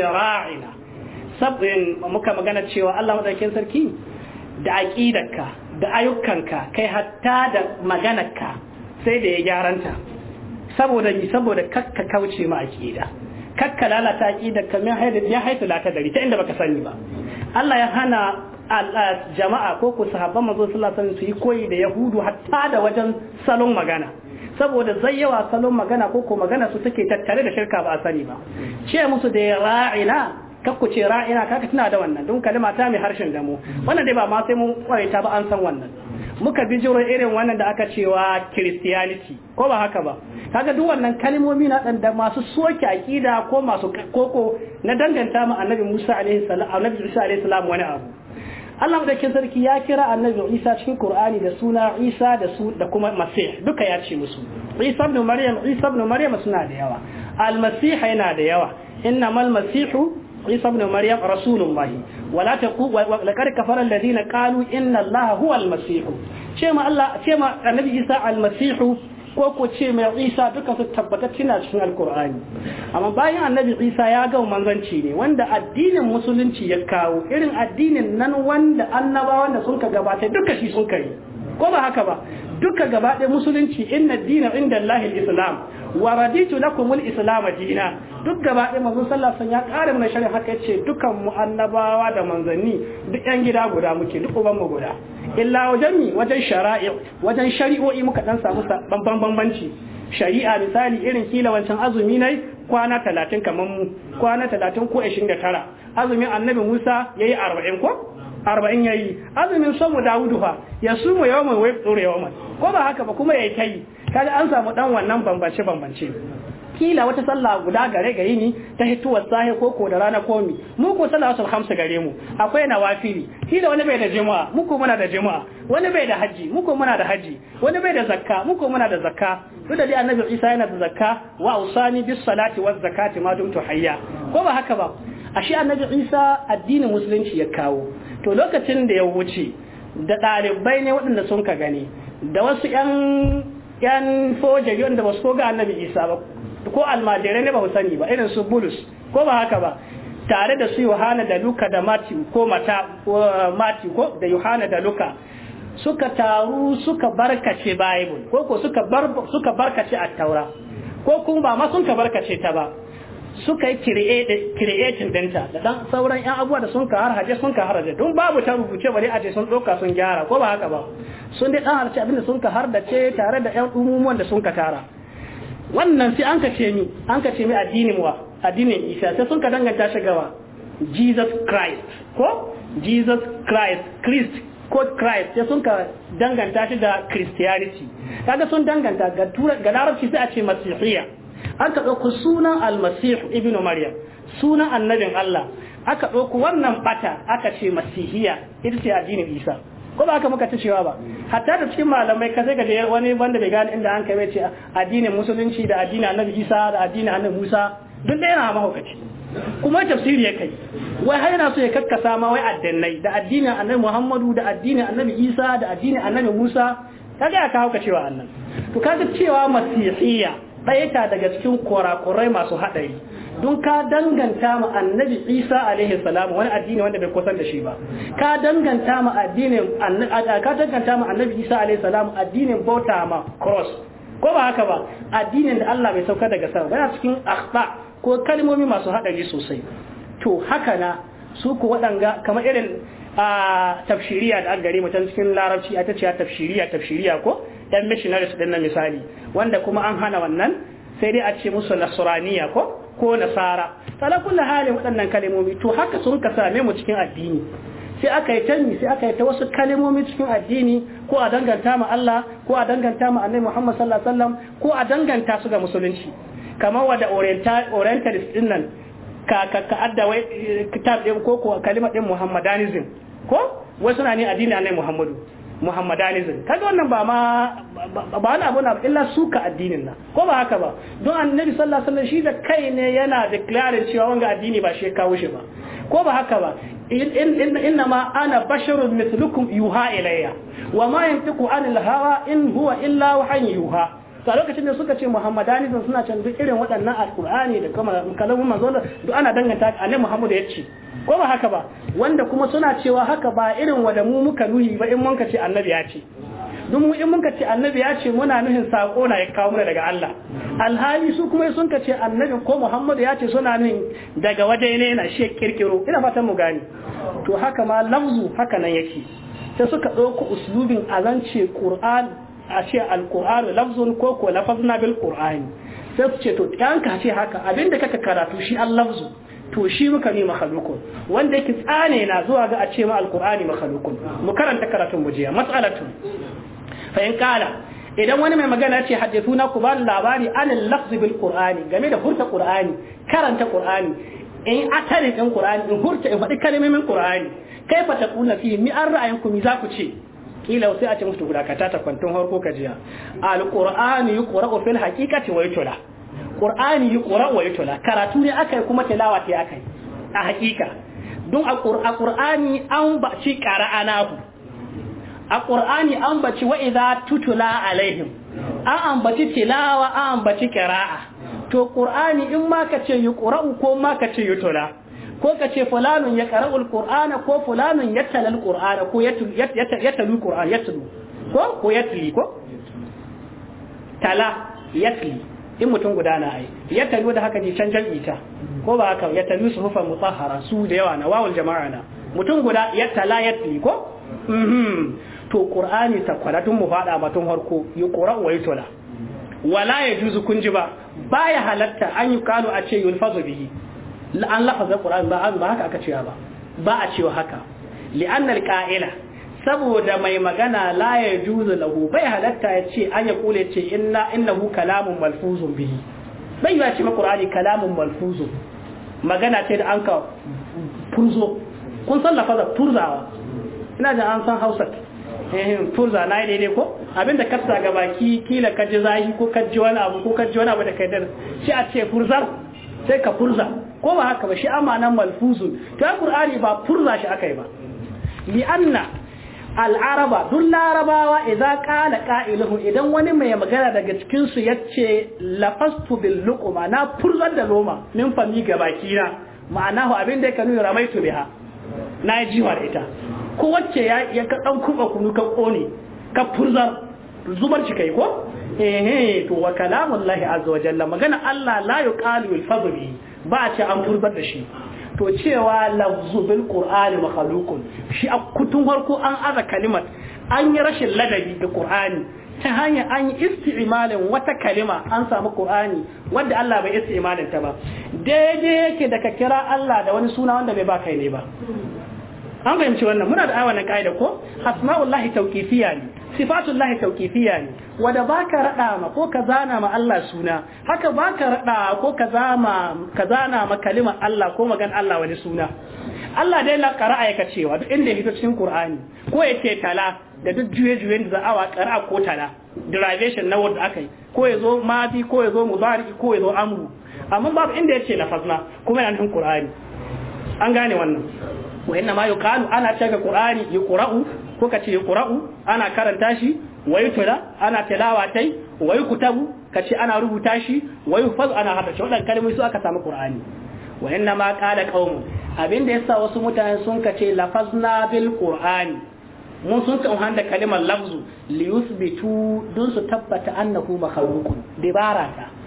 sabbin magana cewa Allah madaukakin sarki da aqidarka da ayyukanka kai hatta da maganarka sai da ya gyaranta saboda ni saboda kakka kauce ma aqida kakka lalata aqidarka min haidu ya haitu la ta dari ta inda baka sani ba Allah ya hana jama'a ko ku sahabban manzo sallallahu su yi koyi da yahudu hatta da wajen salon magana saboda zai yawa salon magana ko ko magana su take tattare da shirka ba a sani ba ce musu da ra'ina kakku ce ra'ina kaka tuna da wannan don kalima ta mai harshen mu wannan dai ba ma sai mun ta ba an san wannan muka bi jiro irin wannan da aka cewa christianity ko ba haka ba kaga duk wannan kalmomi na dan da masu soke akida ko masu koko na danganta mu annabi Musa alaihi salam alaihi salam wani abu Allah madaukin sarki ya kira annabi Isa cikin kur'ani da suna Isa da su da kuma Masih duka ya ce musu Isa ibn Maryam Isa ibn Maryam suna da yawa al-Masih yana da yawa innamal masihu Isa ibn Maryam rasulullahi wala taqu laqad kafara alladhina qalu inna Allah huwa al-Masih ce ma Allah ce ma annabi Isa al-Masih ko ko ce mai isa duka su tabbata cina cikin alkur'ani amma bayan annabi isa ya ga manzanci ne wanda addinin musulunci ya kawo irin addinin nan wanda annabawa da sun ka gabata duka shi sun kai ko ba haka ba duka gaba ɗaya musulunci inna dina inda Allah islam wa raditu lakum al-islam dina duk gaba ɗaya manzon sallallahu ya kare mana shari'a haka yace dukan mu annabawa da manzanni duk yan gida guda muke duk uban mu guda illa wajen mi wajen shara'i wajen shari'o'i muka dan samu bamban bambanci shari'a misali irin kila wancan azumi nai kwana 30 kaman mu kwana 30 ko 29 azumin annabi Musa yayi 40 ko arba'in ya yi azumin somu dawudu fa ya sumu yawan wa wai tsoro ko ba haka ba kuma ya kai kaga an samu dan wannan bambance bambance kila wata sallah guda gare gare ni ta hituwar sahi ko ko da rana komi mu ko sallah wasu hamsu gare mu akwai wafili kila wani bai da jima'a mu ko muna da jima'a wani bai da haji mu ko muna da haji wani bai da zakka mu ko muna da zakka duk da dai annabi Isa yana da zakka wa usani bis salati waz zakati ma dumtu hayya ko ba haka ba ashe annabi Isa addinin musulunci ya kawo to lokacin da ya wuce da ɗalibai ne waɗanda sun ka gani da wasu ƴan ƴan fojari wanda ba su koga annabi isa ba ko almajirai ne ba sani ba irin su bulus ko ba haka ba tare da su yohana da luka da mati ko mata uh, mati ko da yohana da luka suka taru suka barkace bible ko ko suka barkace a taura ko kuma ba ma sun ka barkace ta ba suka yi creating dinta da dan sauran yan abuwa da sun ka haje sun ka haje don babu ta rubuce bare a ce sun doka sun gyara ko ba haka ba sun dai dan harce abinda sun ka ce tare da yan umumuwan da sun ka tara wannan sai an ka ce mi an ka ce mi addinin wa addinin Isa sai sun ka danganta shi gaba Jesus Christ ko Jesus Christ Christ ko Christ sai sun ka danganta shi da Christianity kaga sun danganta ga larabci sai a ce Masihiyya an ka ɗauko sunan almasihu ibnu maryam sunan annabin allah aka ɗauko wannan bata aka ce masihiya ita ce addinin isa ko ba aka muka ta cewa ba hatta da cikin malamai ka sai ka je wani banda bai gane inda an kai ce addinin musulunci da addinin annabi isa da addinin annabi musa duk da yana mahaukaci kuma tafsiri ya kai wai har yana so ya kakkasa ma wai addinai da addinin annabi muhammadu da addinin annabi isa da addinin annabi musa kaga ya kawo cewa annan to kaga cewa masihiya ɗaya ta daga cikin kurakurai masu haɗari don ka danganta ma annabi isa alaihi salam wani addini wanda bai kusan da shi ba ka danganta ma addinin ka danganta ma annabi isa alaihi salam addinin bauta ma cross ko ba haka ba addinin da Allah bai sauka daga sama yana cikin akhta ko kalmomi masu haɗari sosai to haka na su ku waɗanga kamar irin a tafshiriya da aka gare mu cikin larabci a ta ce tafshiriya tafshiriya ko yan missionaries din na misali wanda kuma an hana wannan sai dai a ce musu nasuraniya ko ko nasara ala kullu halin waɗannan kalimomi, to haka sun ka same mu cikin addini sai aka yi sai aka yi ta wasu kalimomi cikin addini ko a danganta ma Allah ko a danganta ma Annabi Muhammad sallallahu alaihi wasallam ko a danganta su ga musulunci kamar wada orientalist din nan ka ka ka adda wai eh, kitab din ko ko kalma din Muhammadanism ko wai suna ne addini Annabi Muhammadu muhammadanism kaga wannan ba ma ba wani abu na illa suka addinin na ko ba haka ba don annabi sallallahu alaihi shi da kai ne yana declaring cewa wanga addini ba shi kawo shi ba ko ba haka ba inna ma ana basharun mithlukum yuha ilayya wa ma yantiqu anil hawa in huwa illa wahyin yuha a lokacin da suka ce muhammadani suna can duk irin waɗannan alkur'ani da kuma kalamun manzo duk ana danganta annabi muhammad ya ce ko ba haka ba wanda kuma suna cewa haka ba irin wanda mu muka nuhi ba in mun ka ce annabi ya ce dun mu in mun ka ce annabi ya ce muna nuhin sako na ya kawo muna daga Allah alhali su kuma sun ka ce annabi ko Muhammadu ya ce suna nuhin daga waje ne na shi kirkiro ina fatan mu gani to haka ma lafzu haka nan yake sai suka ɗauko uslubin azance Qur'an a ce alqur'an lafzun ko ko lafazna bil qur'an sai su ce to ka ce haka abinda kaka karatu shi an lafzu to shi muka ne mahalukun wanda yake tsane na zuwa ga a ce ma alkur'ani makhlukun mu karanta karatun mujiya mas'alatu fa in qala idan wani mai magana ce suna ku ba labari anil lafzi bil qur'ani game da hurta qur'ani karanta qur'ani in atari din qur'ani in hurta in faɗi kalmomin qur'ani kai taquluna fi mi an ra'ayinku mi za ku ce kila sai a ce musu guda ka ta kwantun harko kajiya alqur'ani yuqra'u fil haqiqati wa yutla qur'ani yuqra wa yutla karatu ne akai kuma tilawa ce akai a hakika don a qur'ani an ba shi qara'anahu a qur'ani an baci wa idza tutula alaihim an ambaci tilawa an ambaci qira'a to qur'ani in ma kace yuqra'u ko ma kace yutla ko ka ce ya ƙara alƙur'ana ko fulanun ya tala qura'ana ko ya taluu ƙur'an ya taluu ko ko ya tuli ko tala ya tuli in mutum guda na ai ya talu da haka ne can ta ko ba haka ya talu suhufan mutahhara su da yawa na wawul jama'a na mutum guda ya tala ya tli ko mhm to qur'ani sakwaratun mu fada matun harko qura wa yutla wala ya kun kunji ba baya halatta an yi kalu a ce yulfazu bihi an lafaza qur'ani ba ba haka aka cewa ba ba a cewa haka li'anna al-qa'ila saboda mai magana la ya juzu lahu bai halatta ya ce an ya kule ce inna innahu kalamun malfuzun bihi bai ya ce qur'ani kalamun malfuzun magana ce da an ka furzo kun san lafaza furzawa ina jin an san hausa eh furza na yi daidai ko abinda ka sa baki kila ka ji zahi ko ka ji wani abu ko ka ji wani abu da kai da shi a ce furzar sai ka furza ko ba haka ba shi amma nan malfuzun to qur'ani ba furza shi yi ba li anna al'araba duk larabawa idan kala qa'iluhu idan wani mai magana daga cikin su yace lafastu bil luqma na furzar da loma min fami gabaki na ma'anahu abin da yake nuna ramaitu biha na jiwa da ita ko wacce ya ya ka dan kuma kunu ka ƙone, ka furzar zubar shi kai ko eh to wa kalamullahi azza wa jalla magana Allah la yuqalu al fadli ba a ce an furzar da shi to cewa lafzu bil qur'ani makhluqun shi a kutun farko an aza kalimat an yi rashin ladabi da qur'ani ta hanyar an yi isti'malin wata kalima an samu qur'ani wanda Allah bai isti'malin ta ba daidai yake da ka kira Allah da wani suna wanda bai ba kai ne ba an fahimci wannan muna da awa na ka'ida ko asma'ullahi tawqifiyya ne sifatullahi tawqifiyya ne wanda baka rada ma ko ka zana ma Allah suna haka baka rada ko ka zama ka zana ma kalimar Allah ko magan Allah wani suna Allah dai la qara'a yake cewa duk inda ya cikin Qur'ani ko yake tala da duk juye juye da za'awa ƙara ko tala derivation na wanda aka yi ko yazo zo mafi ko ya zo ko ya amru amma babu inda ya ce lafazna kuma yana cikin qur'ani an gane wannan wa inna ma yuqalu ana ce ga qur'ani yuqra'u ko kace yuqra'u ana karanta shi wa ana tilawa tai wai kutabu kace ana rubuta shi wai yufaz ana hada shi wadannan kalmomi su aka samu qur'ani wa inna ma qala qaumun abinda yasa wasu mutane sun kace lafazna bil qur'ani mun sun kan handa kalimar lafzu li yusbitu dun su tabbata annahu makhluqun dibarata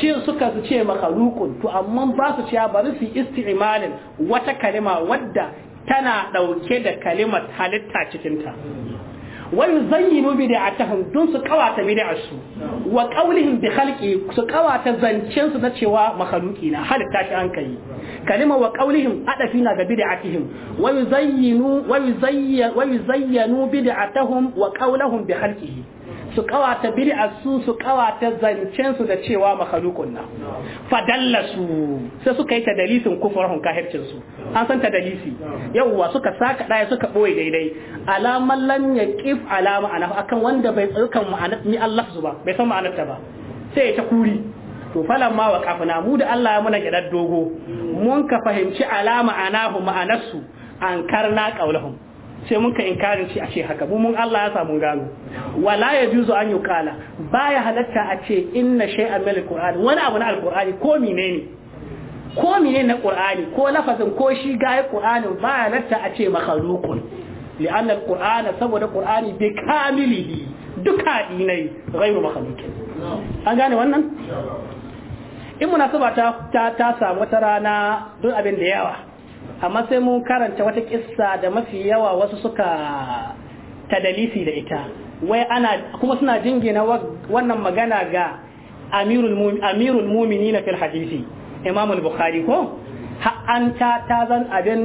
shi suka su ce makalukun to amma ba su ce bari su isti'malin wata kalima wadda tana dauke da kalimar halitta cikinta wani zayyinu bi da dun su kawata bid'arsu wa qawlihim bi khalqi su kawata zancen su na cewa makhluki na halitta shi an kai kalima wa qawlihim adafi na ga bid'atihim wa yuzayyinu wa yuzayyanu bi yuzayyinu bid'atahum wa qawlahum bi khalqihi su kawata bid'a su su kawata zancen su da cewa makhluqun na fadallasu sai suka yi dalilin kufurhum kahircin su an san tadalisi yawwa suka saka daya suka boye daidai alaman lam yaqif alama ana akan wanda bai tsaukan ma'anar ni Allah zuba bai san ma'anar ta ba sai ya ta kuri to falan ma wa kafina mu da Allah ya muna gidar dogo mun ka fahimci alama anahu ma'anarsu an karna qaulahum sai mun ka inkarin shi a ce haka mun Allah ya samu gano wala ya juzu an yukala baya halatta a ce inna shay'an min alqur'ani wani abu na alqur'ani ko menene ko menene na qur'ani ko lafazin ko shi ga qur'ani baya halatta a ce makhluqun li'anna alqur'ana saboda qur'ani bi kamilihi duka dinai ghairu makhluqin an gane wannan in munasaba ta ta samu wata rana don abin da yawa amma sai mun karanta wata kissa da mafi yawa wasu suka tadalisi da ita wai ana kuma suna jingina wannan magana ga amirul muminina fil hadisi imam al-bukhari ko an ta zan abin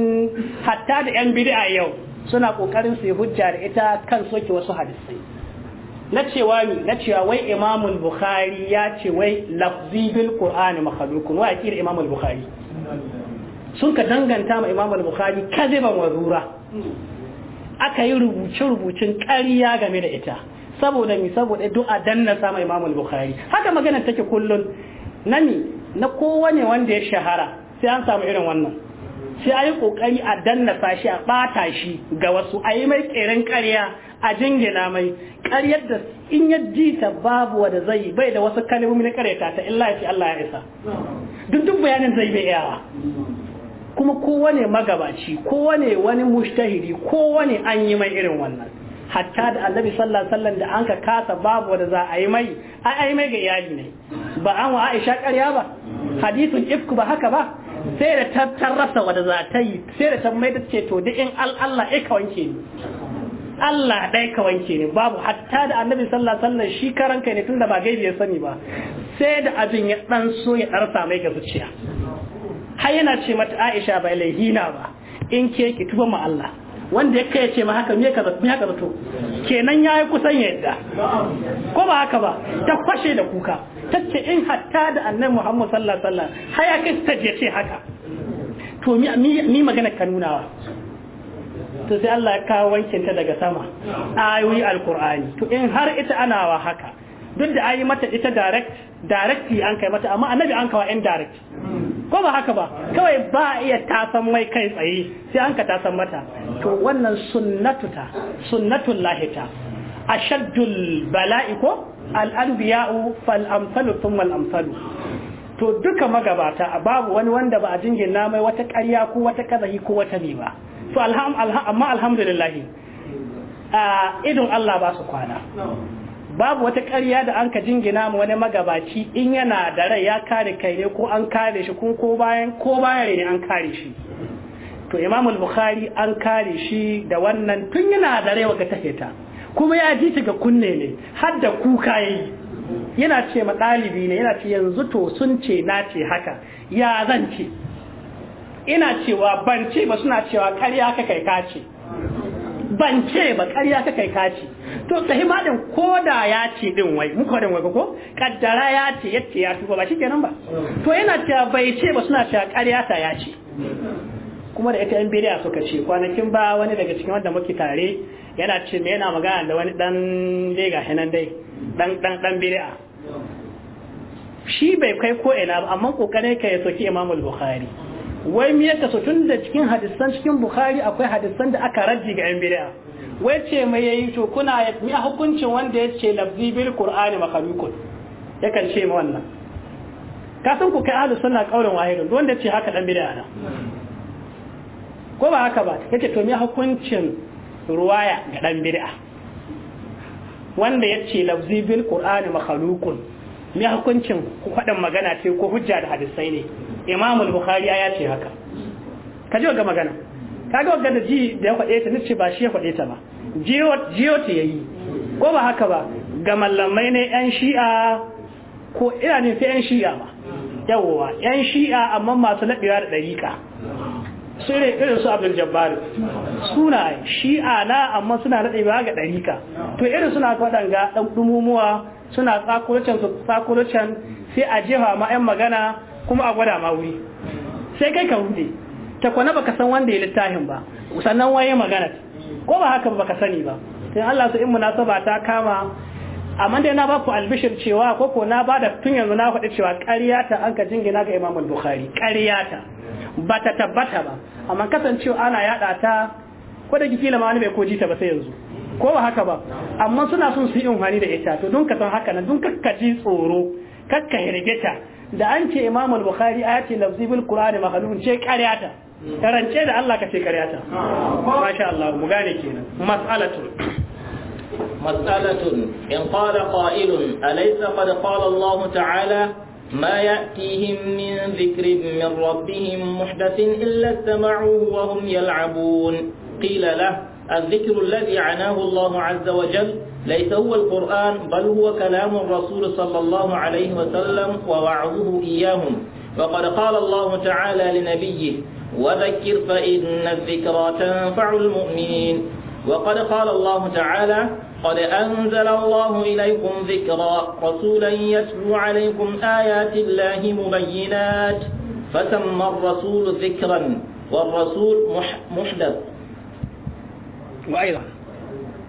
hatta da yan bid'a yau suna kokarin su yi hujja da ita kan soke wasu hadisai na cewa ni na cewa wai imam al-bukhari ya ce wai lafzi bil qur'ani makhluqun wa akira imam al-bukhari sun ka danganta ma imam al-bukhari kaziban zura. aka yi rubuce-rubucin ƙarya game da ita saboda mi saboda du'a danna sama imam al-bukhari haka magana take kullun nami na kowane wanda ya shahara sai an samu irin wannan sai ayi yi ƙoƙari a danna shi a ɓata shi ga wasu ayi yi mai ƙerin ƙarya a jingina mai ƙaryar da in ya ji ta babu wanda zai bai da wasu kalmomi na ƙaryata ta illa ya Allah ya isa duk duk bayanin zai bai yawa. kuma kowane magabaci ne wani mushtahidi ne an yi mai irin wannan hatta da annabi sallallahu alaihi wasallam da an ka kasa babu wanda za a yi mai ai ai mai ga iyali ne ba an wa Aisha ƙarya ba hadithun ifku ba haka ba sai da ta tarrasa wanda za ta yi sai da ta mai ce to duk in Allah ai ka wanke ni Allah ɗaya ka wanke ni. babu hatta da annabi sallallahu alaihi wasallam shi karan kai ne tunda ba gaibi ya sani ba sai da abin ya dan so ya ɗarsa mai ga zuciya har yana ce mata Aisha ba ilaihina ba in ke ki tuba ma Allah wanda ya kai ce ma haka me ka me ka zato kenan yayi kusan yadda ko ba haka ba ta fashe da kuka tace in hatta da annabi Muhammad sallallahu alaihi wasallam haya kai ta ce haka to mi magana ka nunawa to sai Allah ya kawo wankin ta daga sama ayoyi alqur'ani to in har ita ana wa haka duk da ayi mata ita direct directly an kai mata amma annabi an kawo indirect ko ba haka ba kawai ba iya tasa mai kai tsaye sai an ka san mata to wannan ta sunnatul ta ashaddul bala'i ko al anbiya'u fal amsalu thumma al amsalu to duka magabata babu wani wanda ba a jingina mai wata ƙarya ko wata kazahi ko wata ne ba to amma alhamdulillah ah, idon Allah ba su kwana babu wata ƙarya da an ka jingina mu wani magabaci in yana da rai ya kare kai ne ko an kare shi ko bayan ko bayan ne an kare shi to Imam al-Bukhari an kare shi da wannan tun yana da rai waka taheta kuma ya ji shi ga kunne ne har da kuka yi. yana ce ma ɗalibi ne yana ce yanzu to sun ce na ce haka ya zan ce ina cewa ban ce ba suna cewa ƙarya ka kai ka ce ban ce ba ƙarya ka kai kaci to sahi din koda ya ce din wai muka din wai ko kaddara ya ce yace ya tuba ba shikenan ba to yana ta bai ce ba suna ta ƙarya ta ya ce kuma da ita yan bidiya suka ce kwanakin ba wani daga cikin wanda muke tare yana ce me yana magana da wani dan dai ga hinan dai dan dan dan bidiya shi bai kai ko ina ba amma kokarin ka ya soki Imam Bukhari wai me yake so tun da cikin hadisan cikin bukhari akwai hadisan da aka raji ga yan bid'a wai ce mai yayi to kuna mi hukuncin wanda yace lafzi bil qur'ani Ya yakan ce ma wannan ka san ku kai ahlus sunna kaurin wahidun don? wanda ce haka dan bid'a na ko ba haka ba yace to mi hukuncin ruwaya ga dan bid'a wanda yace lafzi bil qur'ani makhluqun me hukuncin ku faɗin magana ce ko hujja da hadisai ne imamul bukhari ya ce haka ka ji ga magana ga wanda da ji da ya faɗe ta ce ba shi ya faɗe ta ba jiyo jiyo ta yayi ko ba haka ba ga mallamai ne yan shi'a ko ina ne sai yan shi'a ba yawwa yan shi'a amma masu labewa da ɗariƙa su ne irin su abdul jabbar suna shi'a na amma suna labewa ga ɗariƙa to irin suna faɗan ga ɗan dumumuwa suna tsakurucin su sai a jefa ma yan magana kuma a gwada ma wuri sai kai ka rude ta kwana baka san wanda ya littafin ba sannan waye magana ko ba haka baka sani ba sai Allah su in munasaba ta kama amma dai na ba ku albishir cewa ko ko na ba da tun yanzu na faɗi cewa ƙarya ta an ka jingina ga Imam Bukhari ƙarya ta ba ta tabbata ba amma kasancewa ana yada ta ko da kila ma wani bai koji ta ba sai yanzu ko ba haka ba amma suna son su yi amfani da ita to don ka san haka nan don kakkaji tsoro kakka hirgita da an ce Imam al-Bukhari ayati lafzi bil Qur'ani mahalun ce ta karance da Allah ka ce ta masha Allah mu gane kenan mas'alatu مسألة إن قال قائل أليس قد قال الله تعالى ما يأتيهم من ذكر من ربهم محدث إلا استمعوه وهم يلعبون قيل له الذكر الذي عناه الله عز وجل ليس هو القرآن بل هو كلام الرسول صلى الله عليه وسلم ووعظه إياهم وقد قال الله تعالى لنبيه وذكر فإن الذكرى تنفع المؤمنين وقد قال الله تعالى قد أنزل الله إليكم ذكرا رسولا يتلو عليكم آيات الله مبينات فسمى الرسول ذكرا والرسول محدث وأيضا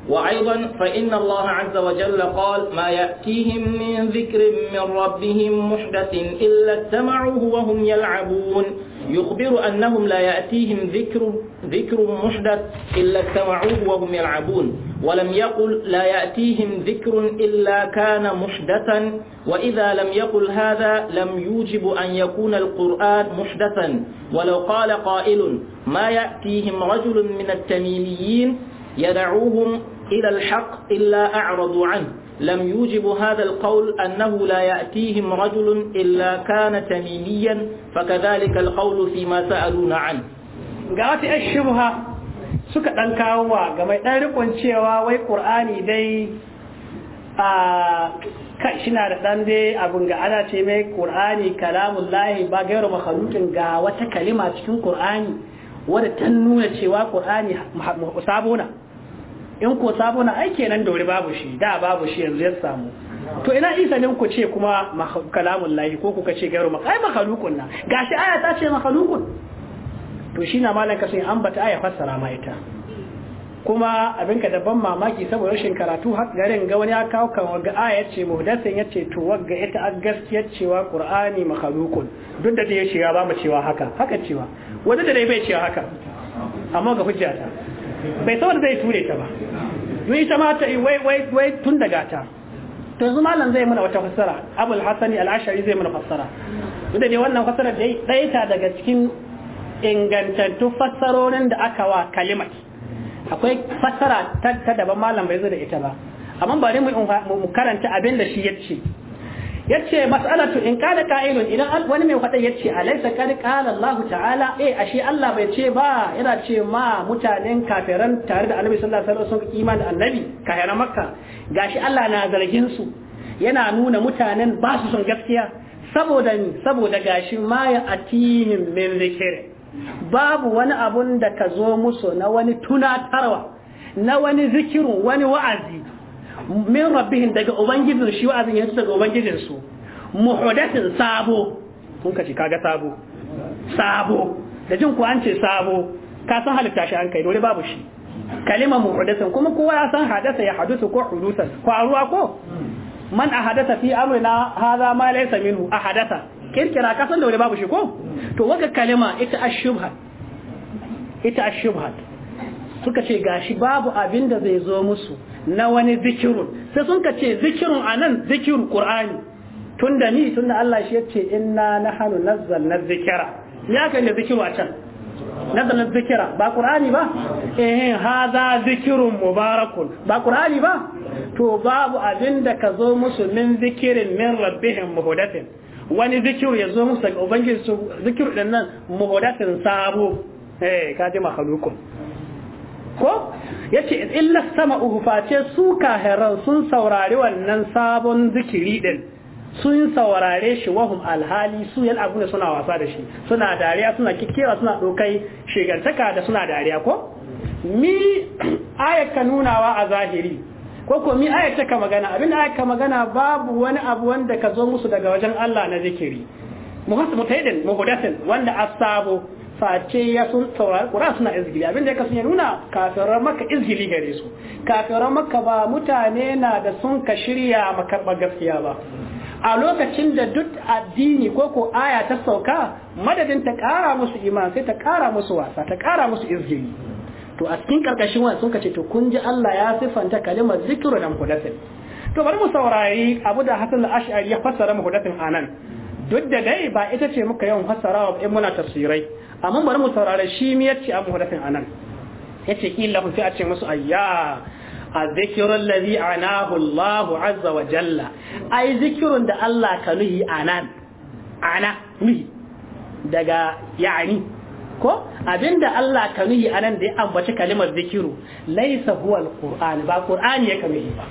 وأيضا فإن الله عز وجل قال ما يأتيهم من ذكر من ربهم محدث إلا اتمعوه وهم يلعبون يخبر أنهم لا يأتيهم ذكر ذكر محدث إلا اتمعوه وهم يلعبون ولم يقل لا يأتيهم ذكر إلا كان محدثا وإذا لم يقل هذا لم يوجب أن يكون القرآن محدثا ولو قال قائل ما يأتيهم رجل من التميميين يدعوهم إلى الحق إلا أعرضوا عنه لم يوجب هذا القول أنه لا يأتيهم رجل إلا كان تميميا فكذلك القول فيما سألون عنه قالت الشبهة suka ɗan kawo wa ga mai ɗan rikon cewa wai ƙur'ani dai a kai shina da ɗan dai abin ce mai ƙur'ani kalamun lahi ba gairu ga wata kalima cikin ƙur'ani wadda ta nuna cewa kur'ani sabona in ko sabona ai kenan da wuri babu shi da babu shi yanzu ya samu to ina isa ne ku ce kuma kalamun lahi ko kuka ce gairu ai makhluqun na gashi aya ta ce makhluqun to shi na malaka kasin an bata aya fassara ma ita kuma abin ka daban mamaki saboda rashin karatu har garin ga wani ya kawo kan wagga aya yace muhdathin yace to wagga ita a gaskiyar cewa qur'ani makhluqun duk da yace ya ba mu cewa haka haka cewa wanda da bai cewa haka amma ga hujjata bai saboda zai ture ta ba Ni ita ma ta wai wai wai tun daga ta to yanzu malam zai mana wata fassara abul hasani al-ashari zai mana fassara duk da ne wannan fassara dai daita ta daga cikin ingantattun fassarorin da aka wa kalimati akwai fassara ta daban malam bai zo da ita ba amma bari mu karanta abin da shi yace yace mas'alatu in kana qa'ilun idan wani mai fada yace alaysa kad qala Allah ta'ala eh ashe Allah bai ce ba yana ce ma mutanen kafiran tare da Annabi sallallahu alaihi wasallam sun imani Annabi kafiran Makka gashi Allah na zargin su yana nuna mutanen ba su son gaskiya saboda saboda gashi ma ya atihim min zikri babu wani abun da ka zo musu na wani tunatarwa na wani zikiru wani wa'azi min rabbihim daga ubangijin shi wa'azin yanzu daga ubangijin su muhdathin sabo kun ka ce kaga sabo sabo da jin ku an ce sabo ka san halitta shi an kai dole babu shi kalima muhdathin kuma kowa ya san hadasa ya hadusu ko hudusan ko aruwa ko man ahadatha fi amrina hadha ma laysa minhu ahadatha kirkira ka da wani babu shi ko to waga kalima ita ashubhat ita ashubhat suka ce gashi babu abin da zai zo musu na wani zikirun sai sun ka ce zikirun anan zikirun qur'ani tunda ni tunda Allah shi yace inna nahnu nazzalna zikira. ya kan da zikiru a can nazzalna zikira ba qur'ani ba eh hadha zikirun mubarakun ba qur'ani ba to babu abin da ka zo musu min zikirin min rabbihim muhudatin wani zikiru ya zo musu ga ubangiji su zikiru din nan muhadatin sabo eh ka ji mahalukun ko yace illa sama'uhu face su kahiran sun saurari wannan sabon zikiri din sun saurare shi wahum alhali su yan abu ne suna wasa da shi suna dariya suna kikkira suna dokai shigantaka da suna dariya ko mi ka nunawa a zahiri ko ko mi ayat ta ka magana abin ayat ka magana babu wani abu wanda ka zo musu daga wajen Allah na zikiri Mu mu mu muhdathin wanda asabo face ya sun saurari ƙura suna izgili abin da ya kasu ya nuna kafirar maka izgili gare su kafirar maka ba mutane na da sun ka shirya makarɓar gaskiya ba a lokacin da duk addini ko ko aya ta sauka madadin ta ƙara musu iman sai ta ƙara musu wasa ta ƙara musu izgili to a cikin karkashin wannan sun kace to kun ji Allah ya sifanta kalimar zikru da muhdathin to bari mu saurari abu da Hasan al-Ash'ari ya fassara muhdathin anan duk da dai ba ita ce muka yawan fassarawa in muna tafsirai amma bari mu saurari shi me yace a muhdathin anan yace kila sai a ce musu ayya الذكر الذي عناه الله عز وجل أي ذكر دا الله كنهي عنان عنا نهي دقا يعني ko abinda Allah ka nuhi anan da ya ambaci kalimar zikiru laisa huwa alquran ba qur'ani ya kanuhi ba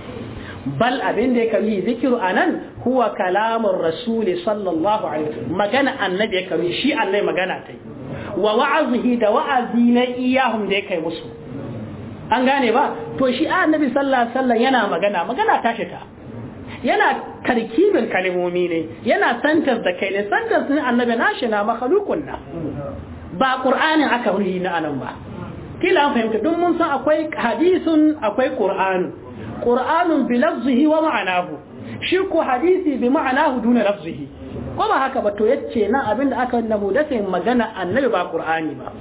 bal abinda ya kanuhi zikiru anan huwa kalamur rasul sallallahu alaihi wasallam magana annabi ya kanuhi shi Allah magana ta yi. wa wa'azihi da wa'azi na iyahum da ya kai musu an gane ba to shi annabi sallallahu alaihi wasallam yana magana magana ta shi ta yana tarkibin kalimomi ne yana santar da kai ne santar sun annabi nashi na makhalukun na ba qur'anin aka wuri na anan ba kila an fahimta duk mun san akwai hadisun akwai qur'anu qur'anun bi lafzihi wa ma'anahu shi ko hadisi bi ma'anahu duna lafzihi ko ba haka ba to yace nan abinda aka namu da sai magana annabi ba ƙur'ani ba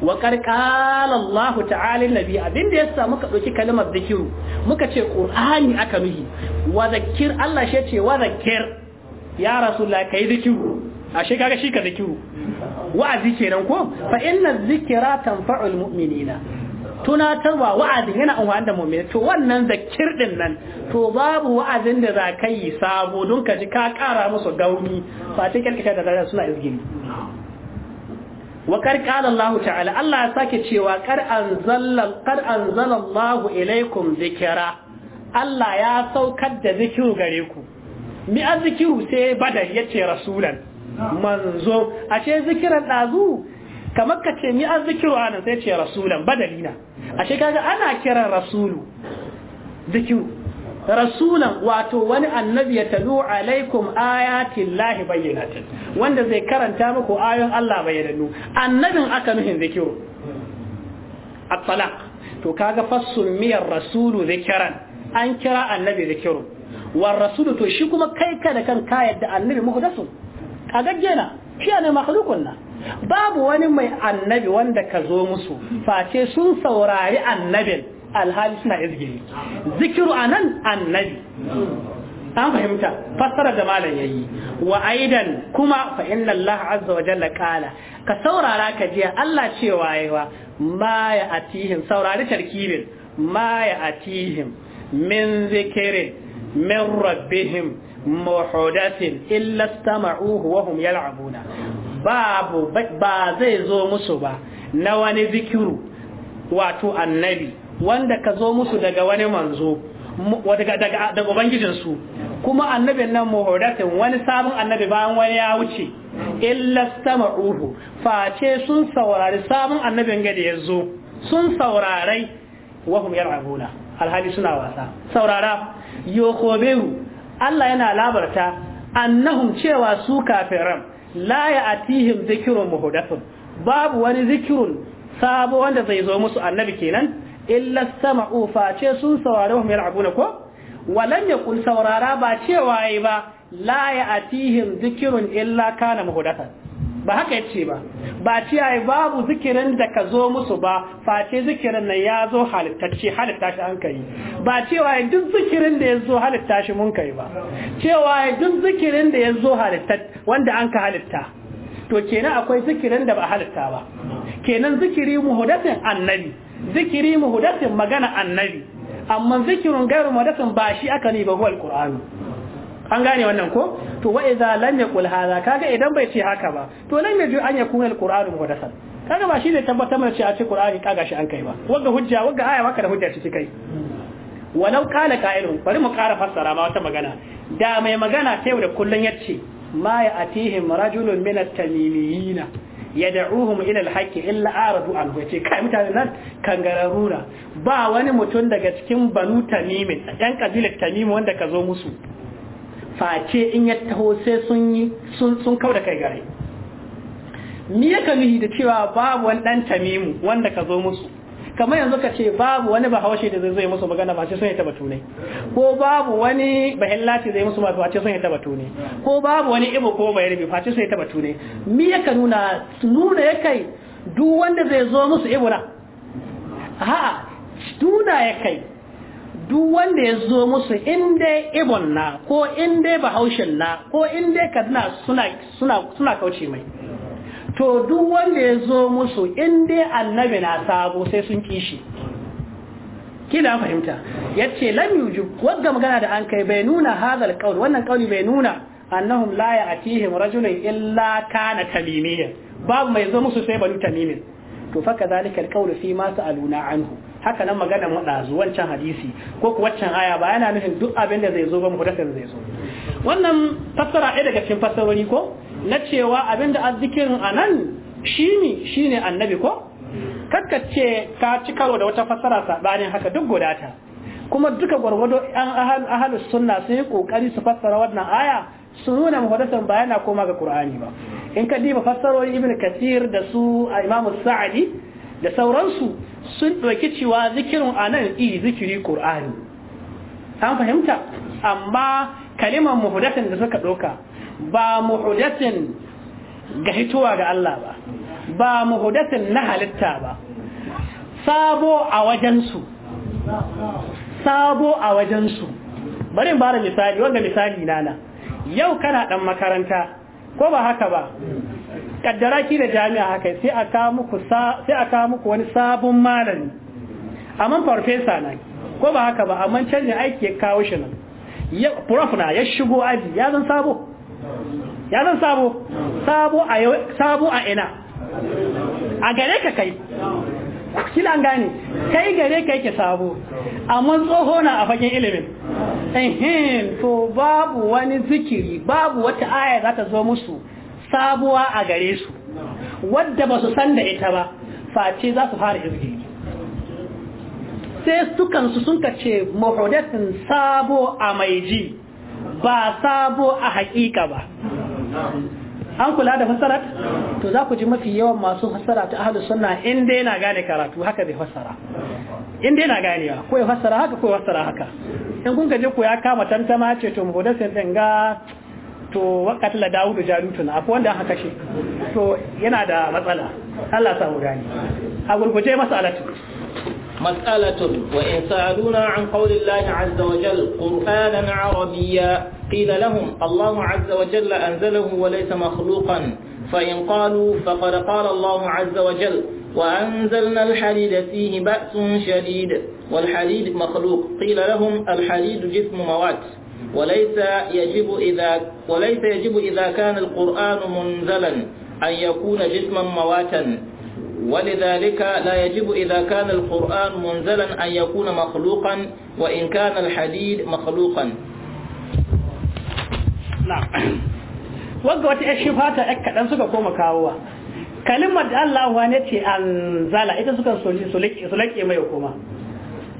wa qarqala Allah ta'ala nabi abinda yasa muka dauki kalmar zikiru muka ce ƙur'ani aka nuhi wa zakir Allah shi ce wa zakir ya rasulullah kai zikiru ashe kaga shi ka zikiru wa'azi kenan ko fa inna zikira tanfa'ul mu'minina tunatarwa wa'azin yana amfani da mu'mini to wannan zakir din nan to babu wa'azin da za ka yi sabo don ka ji ka kara musu gauni fa ta kirkita da dare suna izgiri wa kar qala Allah ta'ala Allah ya sake cewa kar anzalal kar anzalallahu ilaikum zikira. Allah ya saukar da zikiru gare ku mi zikiru sai badar yace rasulan manzo ashe zikiran dazu kamar ka ce mi an zikiru anan sai ce rasulan badalina ashe kaga ana kiran rasulu zikiru rasulan wato wani annabi ya talu alaikum ayatin lahi bayyanatin wanda zai karanta muku ayon Allah bayyanannu annabin aka nuhin zikiru at-talaq to kaga fassul miyar rasulu zikiran an kira annabi zikiru war rasulu to shi kuma kai ka da kan ka yadda annabi muhdasu A na shi ne makhlukun na babu wani mai annabi wanda ka zo musu face sun saurari annabin alhali suna izgili zikiru anan annabi an fahimta fassara da malam yi. wa aidan kuma fa inna Allah azza wa jalla ka saurara ka jiya Allah cewa yawa ma ya atihim saurari tarkibin ma ya atihim min zikirin min rabbihim muhdathin illa istama'uhu wa hum yal'abuna babu ba zai zo musu ba na wani zikiru wato annabi wanda ka zo musu daga wani manzo daga su kuma annabin nan muhdathin wani sabon annabi bayan wani ya wuce illa istama'uhu face sun saurari sabon annabin gade ya zo sun saurarai wahum yal'abuna alhali suna wasa saurara yokoberu Allah yana labarta annahum cewa su kafiran la ya'tihim dhikrun muhdathun babu wani zikirin sabo wanda zai zo musu annabi kenan illa sama'u fa ce sun saurare mu yarabuna ko walan kun saurara ba cewa yi ba la ya'tihim zikirin illa kana muhdathan ba haka yace ba ba ci ai babu zikirin da ka zo musu ba face zikirin nan ya zo halittacce halitta shi an kai ba cewa duk zikirin da ya zo halitta shi mun kai ba cewa duk zikirin da ya zo halitta wanda an ka halitta to kenan akwai zikirin da ba halitta ba kenan zikiri muhdathin annabi zikiri muhdathin magana annabi amma zikirin gairu muhdathin ba shi aka ne ba huwa alqur'ani an gane wannan ko to wa idza lam yaqul hadha kaga idan bai ce haka ba to lam yaju an yakuna alqur'anu muhdathan kaga ba shine tabbatar mana cewa ce qur'ani kaga shi an kai ba wanda hujja wanda aya waka da hujja ce kai walau kana qa'ilun bari mu ƙara fassara ma wata magana da mai magana ta yau da kullun yace ma ya atihim rajulun min at-tamimiyina yad'uhum ila al-haqqi illa aradu an yace kai mutane nan kangararura ba wani mutum daga cikin banu tamimin ɗan kabilar tamim wanda ka zo musu face in ya taho sai sun yi sun kau da kai gare ni ya ka da cewa babu wani dan tamimu wanda ka zo musu kamar yanzu ka ce babu wani bahaushe da zai musu magana ba ce sun yi taba tunai ko babu wani bahillaci zai musu ba ce sun yi taba tunai ko babu wani ibo ko bayarbe ba ce sun yi taba tunai mi ya ka nuna nuna ya kai duk wanda zai zo musu ibo na a'a duna ya kai duk wanda ya zo musu inda ibon na ko inda bahaushen na ko inda kaduna suna kauce mai to duk wanda ya zo musu inda annabi na sabo sai sun kishi kila fahimta Ya ce lam ju. wadda magana da an kai bai nuna hazar qaul wannan qauli bai nuna annahum la ya'tihim rajulun illa kana tamimiyan babu mai zo musu sai balu tamimin to fa kadhalika alqaul fi ma sa'aluna anhu haka nan magana mu zuwan wancan hadisi ko ku waccan aya ba yana nufin duk abin da zai zo ba mu muhdathin zai zo wannan fassara ɗaya daga cikin fassarori ko na cewa abin da azzikirin anan shine shine annabi ko kakkace ka ci karo da wata fassara sabanin haka duk gudata kuma duka gwargwado an ahalus sunna sun yi kokari su fassara wannan aya su nuna muhaddasan ba yana koma ga qur'ani ba in ka diba fassarori ibn kathir da su imamu sa'adi da sauransu sun ɗauki cewa zikirin anan i zikiri qur'ani an fahimta amma kalimar muhaddasan da suka ɗauka ba muhaddasan ga hitowa ga Allah ba ba muhaddasan na halitta ba sabo a wajensu sabo a wajensu bari in bada misali wanda misali nana yau kana dan makaranta ko ba haka ba kaddara ki da jami'a haka sai a ka muku sai a ka muku wani sabon malami amma farfesa na ko ba haka ba amma canjin aiki ya kawo shi nan prof na ya shigo aji ya zan sabo ya zan sabo sabo a sabo a ina a gare ka kai kila an gane kai gare ka yake sabo amma tsoho na a fagen ilimin ehem to babu wani zikiri babu wata aya za ta zo musu sabuwa a gare su wadda ba su san da ita ba face za su fara izgi sai sukan su sun kace muhadathun sabo a mai ji ba sabo a haƙiƙa ba an kula da fassara to za ku ji mafi yawan masu fassara ta ahlus sunna in dai na gane karatu haka bai fassara in dai na ba ko ya fassara haka ko ya fassara haka in kun gaje ko ya kama tantama ce to muhaddasin din ga to wakati la da jalutun akwai wanda haka shi to yana da matsala Allah sa samu gani a gurguje masalatu مسألة وإن سألونا عن قول الله عز وجل قرآنا عربيا قيل لهم الله عز وجل أنزله وليس مخلوقا فإن قالوا فقد قال الله عز وجل وأنزلنا الحديد فيه بأس شديد والحديد مخلوق قيل لهم الحديد جسم موات وليس يجب إذا وليس يجب إذا كان القرآن منزلا أن يكون جسما مواتا ولذلك لا يجب إذا كان القرآن منزلا أن يكون مخلوقا وإن كان الحديد مخلوقا نعم وقوة الشفاتة أكد أن سوف أقوم كاوة كلمة الله وانتي أنزل إذا سوف أصلي سوليك سوليك يما يقوم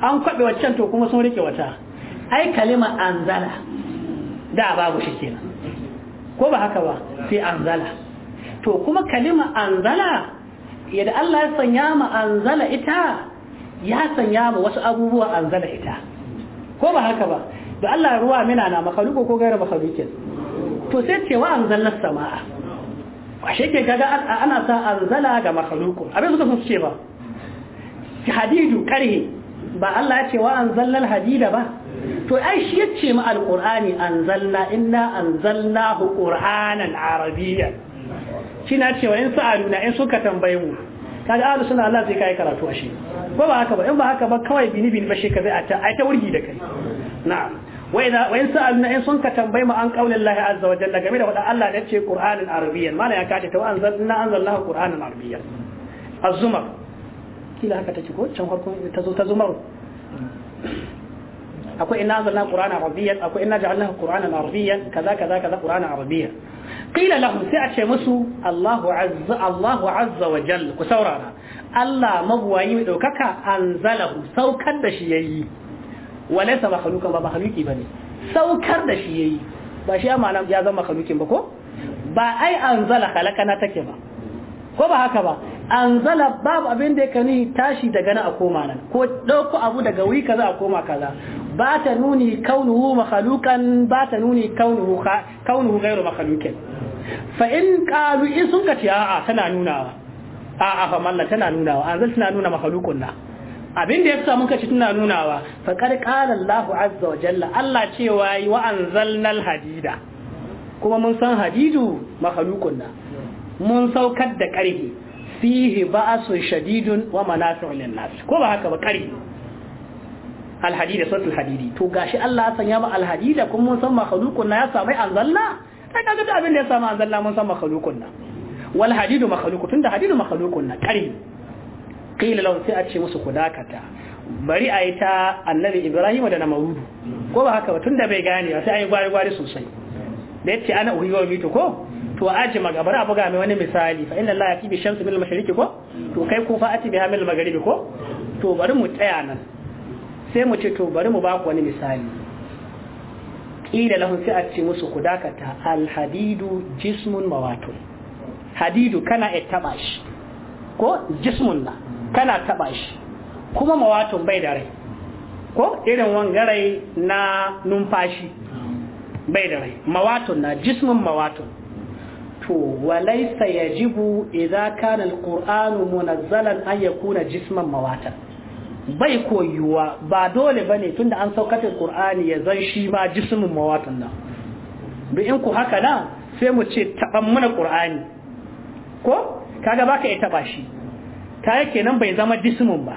أم قد بوچان توقوم سوليك وطا أي كلمة أنزل دا بابو شكينا كوبا هكوا في أنزل تو كلمة أنزل أنزل yadda Allah ya sanya ma anzala ita ya sanya ma wasu abubuwa anzala ita ko ba haka ba da Allah ruwa mina na makhluko ko gaira makhlukin to sai cewa anzalna samaa ashe ke kaga ana sa anzala ga makhluko abin suka sun ce ba hadidu karhe ba Allah ya ce wa anzalna alhadida ba to ai shi yace ma alqur'ani anzalna inna anzalnahu qur'anan arabiyyan shi na cewa in sa'aluna in suka tambaye mu kaga ahlus sunna Allah sai kai karatu a shi. ba ba haka ba in ba haka ba kawai bini bini ba shi shekaru a ta ai ta wurgi da kai na'am wa idza wa in sa'alna in sun ka tambaye mu an qaulin Allah azza wa jalla game da wanda Allah ya ce Qur'anin Arabiyyan mana ya kace ta wa anzalna anzalallahu Qur'anan Arabiyyan az-zumar kila haka take ko can farkon ta zo ta zumar akwai inna anzalna Qur'anan Arabiyyan akwai inna ja'alnahu Qur'anan Arabiyyan kaza kaza kaza Qur'anan Arabiyyan qila lahu sai a ce musu Allahu azza Allahu azza wa jalla ku Allah mabuwayi daukaka anzalahu saukar da shi yayi walaysa makhluqan ba makhluqi bane da shi yayi ba shi amma ba ko ba ai anzala khalaqana take ba ko ba haka ba anzala babu abin da ya kani tashi daga nan a koma nan ko abu daga wuri kaza a koma kaza ba ta nuni kaunuhu makhluqan ba ta nuni kaunuhu kaunuhu ghairu makhluqin fa in qalu in sun ka ce a'a tana nunawa a'a fa malla tana nunawa an suna nuna makhluqun na abin da yasa muka ce tana nunawa fa qad qala Allah azza wa jalla Allah cewa yi wa anzalnal hadida kuma mun san hadidu makhluqun na mun saukar da karhi fihi ba'sun shadidun wa manafi'un lin-nas ko ba haka ba karhi alhadida suratul hadidi to gashi Allah ya sanya ma alhadida kuma mun san makhluqun na ya samu anzalna ai kaga da abin da ya samu a zalla mun san makhluqun na wal hadidu makhluqu tunda hadidu makhluqun na kari qila law sai a ce musu kudakata bari a yi ta annabi ibrahim da namarudu ko ba haka ba tunda bai gane ba sai a yi gwari gwari sosai da yace ana uhiwa mito ko to aji magabar abu ga mai wani misali fa inna allaha yatibi shamsu bil mashriqi ko to kai ku fa ati biha bil ko to bari mu tsaya nan sai mu ce to bari mu ba ku wani misali ila lahun sai a ce musu ku dakata alhadidu jismun mawatun hadidu kana ya taba shi ko jismun na kana taba shi kuma mawatun bai da rai ko irin wangarai na numfashi bai da rai mawatun na jismun mawatun to walaysa yajibu idza kana alqur'anu munazzalan an yakuna jisman mawatan bai koyuwa ba dole bane tunda an saukatar ƙur'ani ya zan shi ma jismin mawatan nan duk in ku haka na sai mu ce taban mana qur'ani ko kaga baka ita ba shi ta yake nan bai zama jismin ba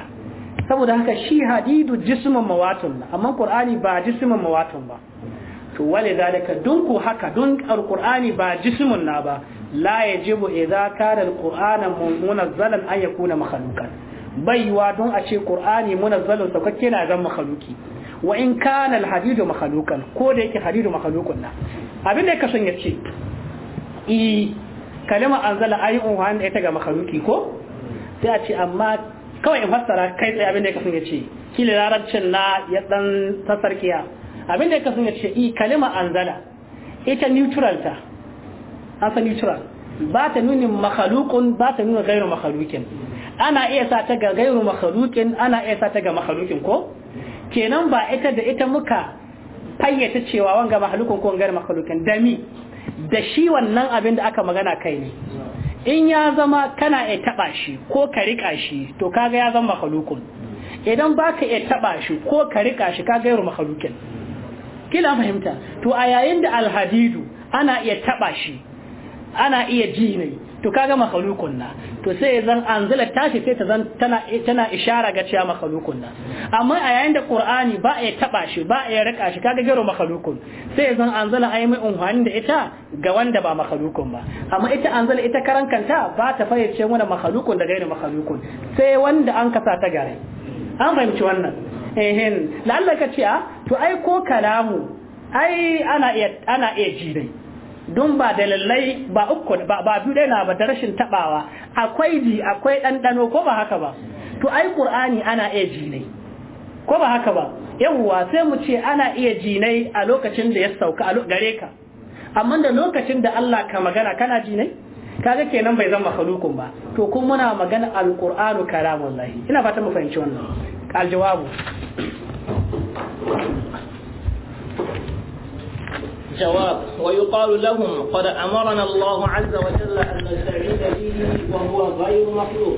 saboda haka shi hadidu jismin mawatan nan amma qur'ani ba jismin mawatan ba to wale zalika dun ku haka dun alqur'ani ba jismin na ba la yajibu idza kana alqur'ana munazzalan an na makhluqan baiwa don a ce qur'ani munazzalun saukakke na zan makhluki wa in kana alhadidu makhlukan ko da yake hadidu makhalukun na abin da ya kasan yace i kalima anzala ayi wa ita ga makhluki ko sai a ce amma kawai in fassara kai tsaye abin da ya kasan yace kila larabcin na ya dan tasarkiya abin da ya kasan yace i kalima anzala ita neutral ta an neutral ba ta nuni makhlukun ba ta nuni gairu makhlukin ana iya sa ta ga gairu makhluqin ana iya sa ta ga makhluqin ko kenan ba ita da ita muka fayyata cewa wanga makhluqin ko wanga makhluqin dami da shi wannan abin da aka magana kai ne in ya zama kana iya taba shi ko ka rika shi to kaga ya zama makhluqin idan baka iya taba shi ko ka rika shi kaga gairu makhluqin kila fahimta to a yayin da alhadidu ana iya taba shi ana iya ji ne to kaga makhluqun na to sai zan anzila tashi sai ta zan tana tana ishara ga cewa makhluqun na amma a yayin da qur'ani ba ya taba shi ba ya rika shi kaga gero makhluqun sai zan anzala ai mai unhani da ita ga wanda ba makhluqun ba amma ita anzala ita karan kanta ba ta fayyace mana makhluqun da gairi makhluqun sai wanda an kasa ta gare an fahimci wannan ehin la'alla ka ce ah, to ai ko kalamu ai ana iya ana iya ji don ba da lallai ba uku ba ba biyu dai na ba da rashin tabawa akwai ji akwai ɗanɗano ko ba haka ba to ai qur'ani ana iya ji ne ko ba haka ba yawwa sai mu ce ana iya jinai a lokacin da ya sauka a gare ka amma da lokacin da Allah ka magana kana jinai? ne kaga kenan bai zama khalukun ba to kun muna magana alqur'anu karamullahi ina fata mu fahimci wannan aljawabu جواب ويقال لهم قد أمرنا الله عز وجل أن نستعين به وهو غير مخلوق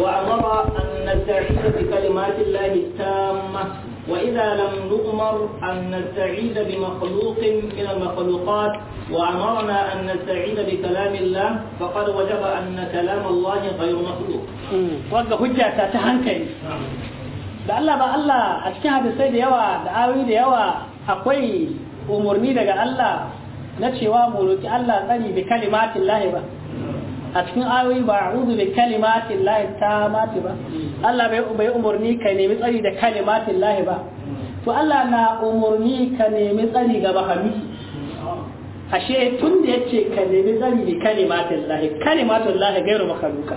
وأمر أن نستعين بكلمات الله التامة وإذا لم نؤمر أن نستعيد بمخلوق من المخلوقات وأمرنا أن نستعيد بكلام الله فقد وجب أن كلام الله غير مخلوق. وقع حجة تهنكي. da Allah ba Allah a cikin hadisai da yawa da awi da yawa akwai umarni daga Allah na cewa mu roki Allah tsari bi kalimatin lahi ba a cikin ayoyi ba a'udhu bi kalimatin lahi mati ba Allah bai bai umarni ka nemi tsari da kalimatin lahi ba to Allah na umarni ka nemi tsari ga bahami ashe tun da yace ka nemi tsari bi kalimatin lahi kalimatin lahi gairu makhluka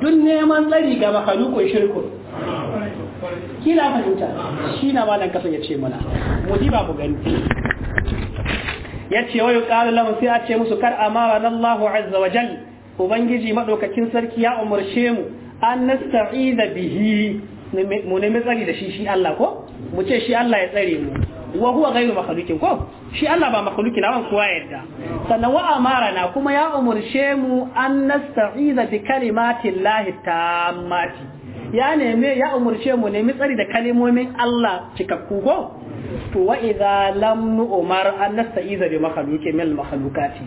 dun neman tsari ga makhluqo shirku kila fahimta shi na malan kasa ya ce mana mudi ba ku gani ya ce wayo ƙara lamun sai a ce musu kar a mara na Allahu azza wa Jan ubangiji maɗaukakin sarki ya umarce mu an da bihi mu nemi tsari da shi shi Allah ko mu ce shi Allah ya tsare mu wa huwa ghayru makhluqin ko shi Allah ba makhluqi na ban kowa yarda sannan wa amara na kuma ya umarce mu an da bi kalimatillahi tammati ya neme ya umurce mu nemi tsari da kalimomin Allah cikakku ko to wa idza lam nu'mar an nasta'iza bi makhluqi min makhluqati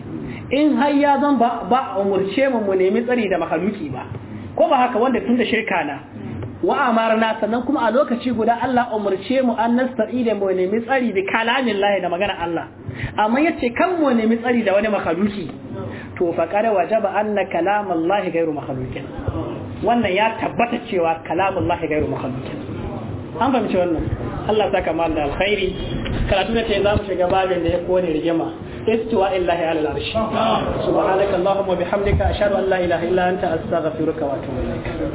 in har ya zan ba ba umurce mu mu nemi tsari da makhluqi ba ko ba haka wanda tunda shirka na wa amarna sannan kuma a lokaci guda Allah umurce mu an nasta'ida mu nemi tsari da kalamin Allah da magana Allah amma yace kan mu nemi tsari da wani makhluqi to fa qad wajaba anna kalam Allah makhluqin wannan ya tabbata cewa lahi gairu makhluq an fahimci wannan Allah saka kama da alkhairi karatu da ce za mu shiga babin da ya kone rigima istiwa illahi ala al'arshi subhanaka allahumma bihamdika ashhadu an la ilaha illa anta astaghfiruka wa atubu ilaik